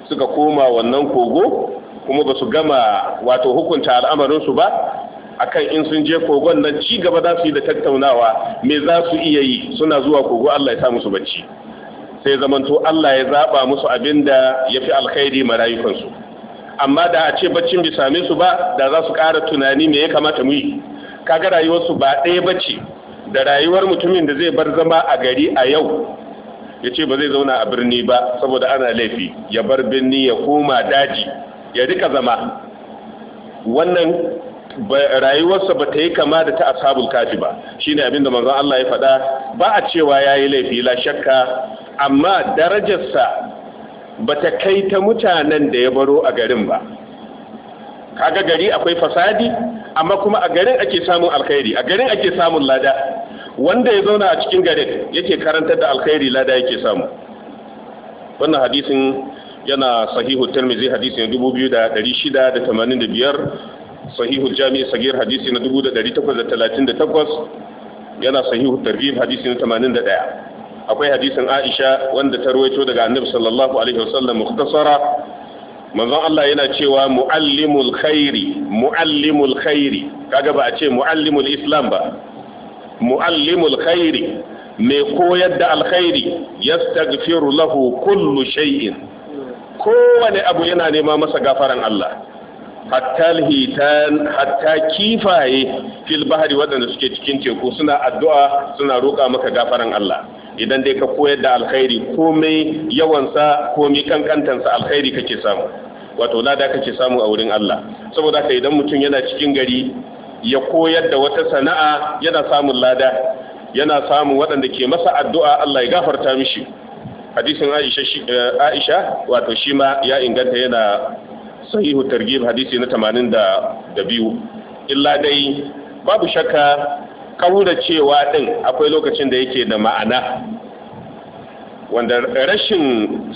suka koma wannan kogo kuma ba su gama wato hukunta al'amarinsu ba akan in sun je kogon nan ci gaba za su yi da tattaunawa me za su iya yi suna zuwa kogo Allah ya sa musu bacci sai zamanto Allah ya zaɓa musu abin da ya fi alkhairi ma rayukansu amma da a ce baccin bai same su ba da za su ƙara tunani me ya kamata mu yi kaga rayuwarsu ba ɗaya ba ce da rayuwar mutumin da zai bar zama a gari a yau ya ce ba zai zauna a birni ba saboda ana laifi ya bar birni ya koma daji ya rika zama wannan rayuwarsa ba ta yi kama da ta ashabul kafi ba shine abin da manzon Allah ya faɗa ba a cewa ya yi laifi la shakka amma darajarsa ba ta kai ta mutanen da ya baro a garin ba kaga gari akwai fasadi amma kuma a garin ake samun alkhairi a garin ake samun lada wanda ya zauna a cikin garin yake karantar da alkhairi lada yake samu wannan hadisin yana sahihu tirmizi hadisi na 2685 sahihu jami'i sagir hadisi na 1838 yana sahihu targhib hadisi na 81 akwai hadisin Aisha wanda ta ruwaito daga Annabi sallallahu alaihi wasallam mukhtasara manzon Allah yana cewa muallimul khairi muallimul khairi kaga ba a ce muallimul islam ba muallimul khairi mai koyar da alkhairi yastaghfiru lahu kullu shay'in kowane abu yana nema masa gafaran Allah hatta kifaye fil bahari waɗanda suke cikin teku suna addu'a suna roƙa maka gafaran Allah idan dai ka koyar da alkhairi komai yawansa komai kankantansa alkhairi kake samu wato lada kake samu a wurin Allah saboda haka idan mutum yana cikin gari ya koyar da wata sana'a yana samun lada yana samun waɗanda ke masa addu'a Allah ya gafarta mishi hadisin Aisha eh, Aisha wato shi ma ya inganta yana sahihu targhib hadisi na 82 illa dai babu shakka kaura cewa din akwai lokacin da yake da ma'ana wanda rashin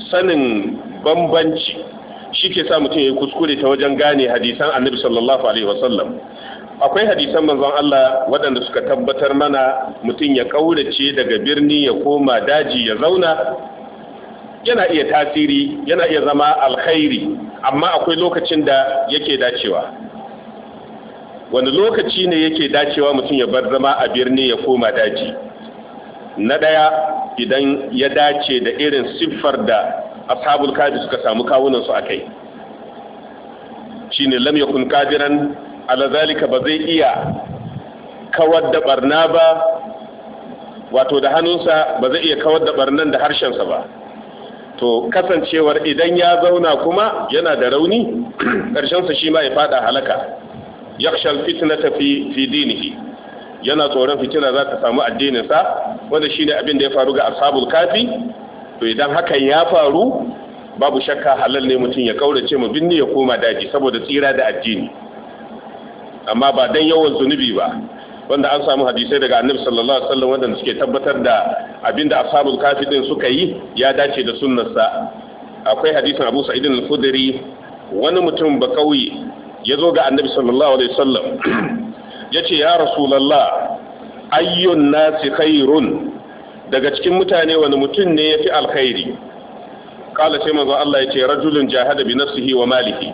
sanin bambanci shi ke sa mutum ya kuskure ta wajen gane hadisan annabi sallallahu alaihi wasallam akwai hadisan manzon Allah waɗanda suka tabbatar mana mutum ya ƙaurace daga birni ya koma daji ya zauna yana iya tasiri yana iya zama alkhairi amma akwai lokacin da yake dacewa wani lokaci ne yake dacewa mutum ya bar zama a birni ya koma daji na ɗaya idan ya dace da irin siffar da ashabul kafi suka samu kawunan su akai shine lam yakun kadiran ala zalika ba zai iya kawar da barna ba wato da hannunsa ba zai iya kawar da barnan da harshensa ba to kasancewar idan ya zauna kuma yana da rauni (clears throat) sa shi ma ya fada halaka yakshal fitnata fi fi dinihi yana tsoron fitina za ta samu addininsa wanda shine abin da ya faru ga ashabul kafi to idan hakan ya faru babu shakka halal ne mutum ya kaurace mu binne ya koma daji saboda tsira da addini amma ba dan yawan zunubi ba wanda an samu hadisai daga annabi sallallahu alaihi wasallam wanda suke tabbatar da abinda ashabul kafi din suka yi ya dace da sunnarsa akwai hadisin Abu Sa'id al-Khudri wani mutum ba kauye ya zo ga annabi sallallahu alaihi wasallam (clears throat) ya ce ya rasulullah ayyun nasi khairun daga cikin mutane wani mutum ne ya fi alkhairi kala sai manzo Allah ya ce rajulun jahada bi nafsihi wa malihi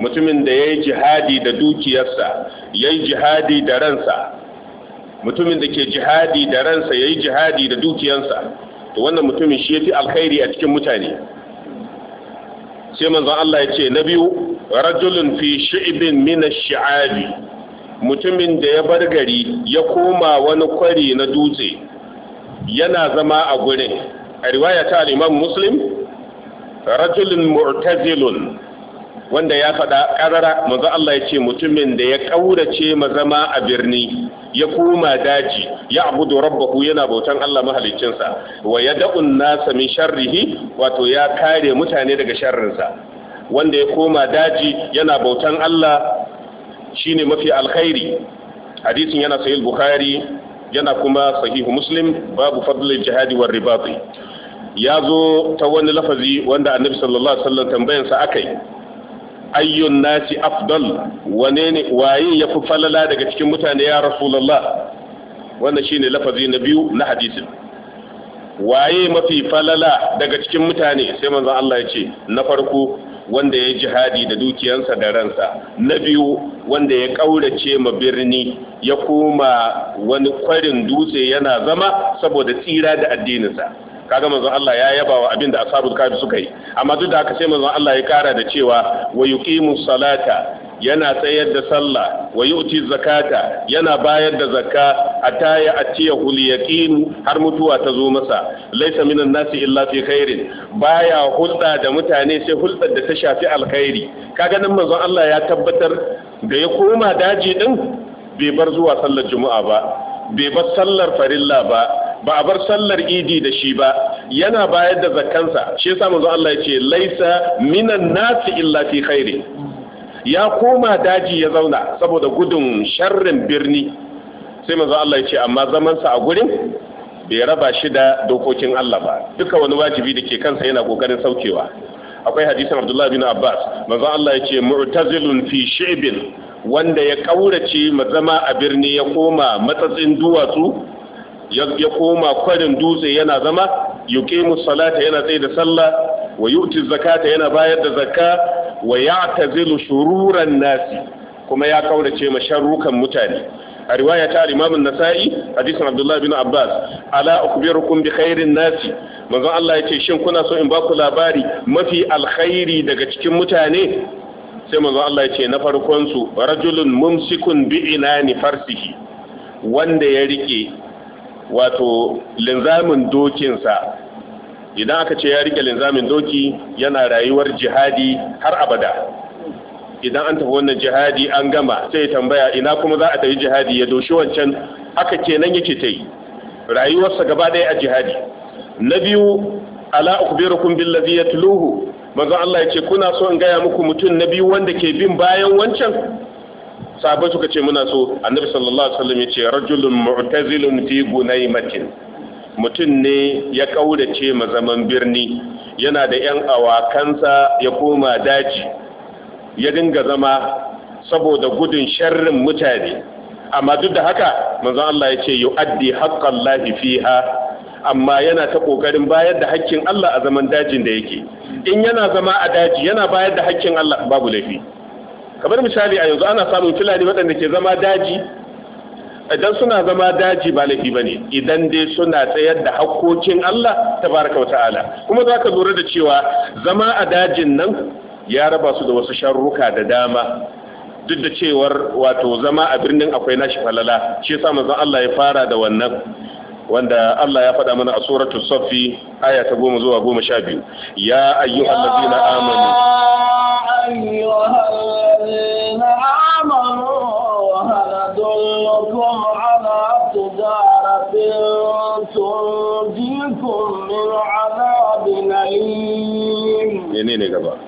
mutumin da yayi jihadi da dukiyarsa yayi jihadi da ransa mutumin da ke jihadi da ransa yayi jihadi da dukiyarsa to wannan mutumin shi ya fi alkhairi a cikin mutane sai manzo Allah ya ce na biyu rajulun fi shi'bin min ash-shi'abi mutumin da ya bar gari ya koma wani kwari na dutse yana zama a gurin a riwaya ta Liman muslim rajulun murtazilun wanda ya faɗa ƙarara manzo Allah ya ce mutumin da ya ƙaurace mazama a birni ya koma daji ya abudu rabbahu yana bautan Allah mahaliccinsa wa ya da'un nasa min sharrihi wato ya kare mutane daga sharrinsa wanda ya koma daji yana bautan Allah shine mafi alkhairi hadisin yana sahih bukhari yana kuma sahihu muslim babu fadlil jihadi war ribati ya zo ta wani lafazi wanda annabi sallallahu alaihi wasallam tambayansa akai ayyun nasi afdal wane ne waye ya fi falala daga cikin mutane ya rasulullah wannan shine lafazi na biyu na hadisin waye mafi falala daga cikin mutane sai manzon Allah ya ce na farko wanda ya jihadi da dukiyansa da ransa na biyu wanda ya ƙaurace ma birni ya koma wani kwarin dutse yana zama saboda tsira da addininsa kaga manzon Allah ya yaba wa abin da ashabul kafi suka yi amma duk da haka sai manzon Allah ya kara da cewa wa yuqimu salata yana tsayar da sallah wa yu'ti zakata yana bayar da zakka a taya a hul yaqin har mutuwa ta zo masa laisa minan nasi illa fi khairin baya hulɗa da mutane sai hulɗar da ta shafi alkhairi kaga nan manzon Allah ya tabbatar da ya koma daji din bai bar zuwa sallar juma'a ba bai bar sallar farilla ba ba a bar sallar idi da shi ba yana bayar da zakkansa shi yasa manzon Allah ya ce laisa minan nasi illa fi khairin ya koma daji ya zauna saboda gudun sharrin birni sai manzo Allah ya ce amma zamansa a gurin bai raba shi da dokokin Allah ba duka wani wajibi da ke kansa yana kokarin saukewa akwai hadisin Abdullah bin Abbas manzo Allah ya ce mu'tazilun fi shi'bin wanda ya kaurace zama a birni ya koma matsatsin duwatsu ya koma kwarin dutse yana zama yuqimu salata yana tsaye da sallah wa yu'ti zakata yana bayar da zakka wa ya zilu shururan nasi kuma ya kaurace ma sharrukan mutane a riwaya ta Imam nasai hadisin Abdullahi bin Abbas ala ukhbirukum bi khairin nasi manzon Allah yace shin kuna so in baku labari mafi alkhairi daga cikin mutane sai manzon Allah yace na farkon su rajulun mumsikun bi inani farsihi wanda ya rike wato linzamin dokinsa idan aka ce ya rike linzamin doki yana rayuwar jihadi har abada idan an tafi wannan jihadi an gama sai ya tambaya ina kuma za a tafi jihadi ya doshi wancan haka kenan yake ta yi rayuwarsa gaba ɗaya a jihadi na biyu ala ukhbirukum billazi yatluhu manzo Allah ya ce kuna so in gaya muku mutum na biyu wanda ke bin bayan wancan sahabbai suka ce muna so annabi sallallahu alaihi wasallam ya ce rajulun mu'tazilun fi gunaimatin mutum ne ya ƙaurace ma zaman birni yana da 'yan awakansa ya koma daji ya dinga zama saboda gudun sharrin mutane amma duk da haka manzon Allah ya ce yu'addi haqqallahi fiha amma yana ta ƙoƙarin bayar da hakkin Allah a zaman dajin da yake in yana zama a daji yana bayar da hakkin Allah babu laifi kamar misali a yanzu ana samun fulani waɗanda ke zama daji idan suna zama daji ba laifi bane idan dai suna tsayar da hakkokin Allah tabaraka wa ta'ala kuma za ka lura da cewa zama a dajin nan ya raba su da wasu sharruka da dama duk da cewar wato zama a birnin akwai nashi falala shi yasa manzon Allah ya fara da wannan wanda Allah ya faɗa mana a suratul tsoffi. آية يا يا أيها الذين آمنوا aya ta goma zuwa goma sha biyu ya ayyuha allazina amanu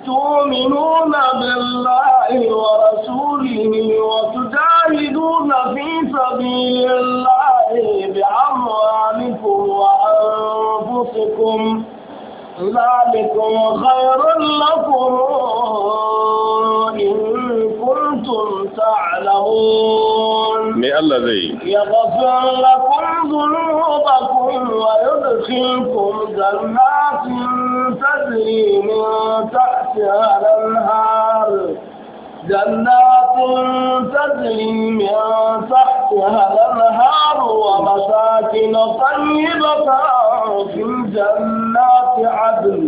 تؤمنون بالله ورسوله وتجاهدون في سبيل الله بأموالكم وأنفسكم لكم ذلكم خير لكم إن كنتم تعلمون يغفر لكم ذنوبكم ويدخلكم جنات تجري من تحتها الأنهار جنات تجري من تحتها الانهار ومساكن طيبة في جنات عدن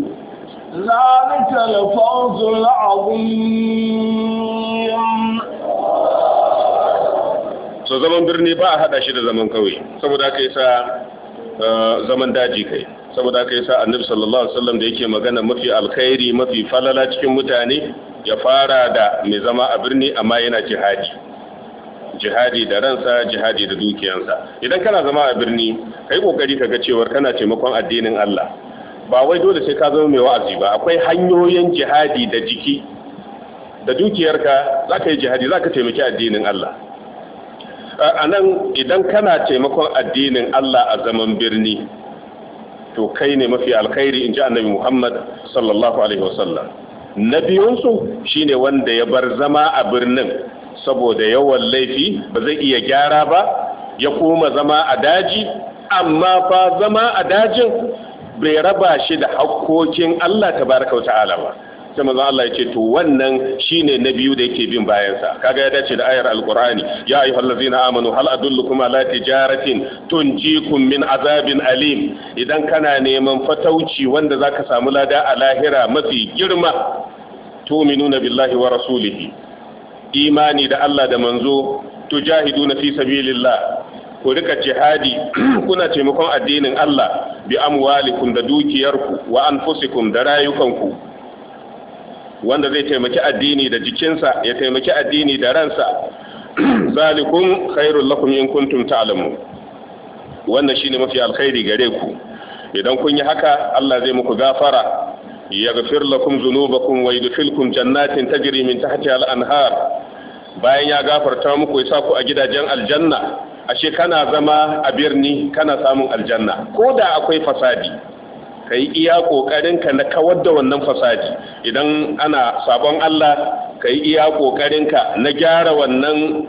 ذلك الفوز العظيم so zaman birni ba a hada shi da zaman kauye saboda kai sa eh, zaman daji kai saboda kai sa annabi sallallahu alaihi wasallam da yake magana mafi alkhairi mafi falala cikin mutane ya fara da mai zama a birni amma yana jihadi jihadi da ransa jihadi da dukiyansa idan kana zama a birni kai kokari kaga cewar kana taimakon addinin Allah ba wai dole sai ka zama mai wa'azi ba akwai hanyoyin jihadi da jiki da dukiyarka zaka yi jihadi zaka taimaki addinin Allah a nan idan kana taimakon addinin Allah a zaman birni to kai ne mafi alkhairi in ji annabi Muhammad sallallahu alaihi wasallam na biyunsu shine wanda ya bar zama a birnin saboda yawan laifi ba zai iya gyara ba ya koma zama a daji amma fa zama a dajin bai raba shi da hakkokin Allah ta wa ta'ala ba sai manzon Allah ya ce to wannan shine na biyu da yake bin bayansa kaga ya dace da ayar alqur'ani ya ayyuhallazina amanu hal adullukum ala tijaratin tunjikum min azabin alim idan kana neman fatauci wanda zaka samu lada a lahira mafi girma tu'minuna billahi wa rasulihi imani da Allah da manzo tujahiduna fi sabilillah ku rika jihadi (clears throat) kuna taimakon addinin Allah bi amwalikum da dukiyarku wa anfusikum da rayukanku wanda zai taimaki addini da jikinsa ya taimaki addini da ransa (clears throat) zalikum khairul lakum in kuntum ta'lamu wanda shine mafi alkhairi gare ku idan kun yi haka Allah zai muku gafara yaghfir lakum dhunubakum wa yudkhilkum jannatin tajri min tahtiha al-anhar bayan ya gafarta muku ya saku a gidajen aljanna ashe kana zama a birni kana samun aljanna ko da akwai fasadi ka yi iya ƙoƙarinka na kawar da wannan fasadi idan ana sabon Allah ka yi iya ƙoƙarinka na gyara wannan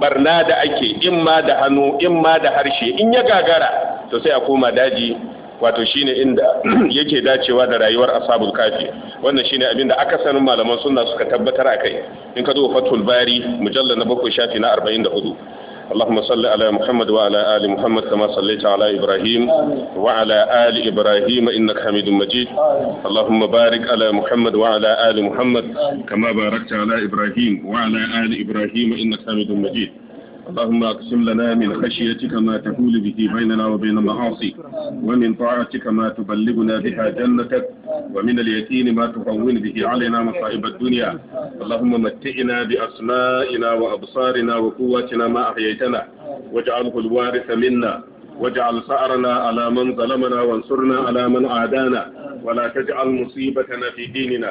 barna da ake in ma da hannu in ma da harshe in ya gagara to sai a koma daji wato shine inda (clears throat) yake dacewa da rayuwar asabul kafi wannan shine abin da aka sanin malaman sunna suka tabbatar a kai. in ka zo fatul bari mujalla na bakwai shafi na 44 اللهم صل على محمد وعلى آل محمد كما صليت على إبراهيم وعلى آل إبراهيم إنك حميد مجيد اللهم بارك على محمد وعلى آل محمد كما باركت على إبراهيم وعلى آل إبراهيم إنك حميد مجيد اللهم اقسم لنا من خشيتك ما تحول به بيننا وبين معاصيك ومن طاعتك ما تبلغنا بها جنتك ومن اليقين ما تهون به علينا مصائب الدنيا اللهم متئنا بأسمائنا وأبصارنا وقواتنا ما أحييتنا واجعله الوارث منا واجعل ثأرنا على من ظلمنا وانصرنا على من عادانا ولا تجعل مصيبتنا في ديننا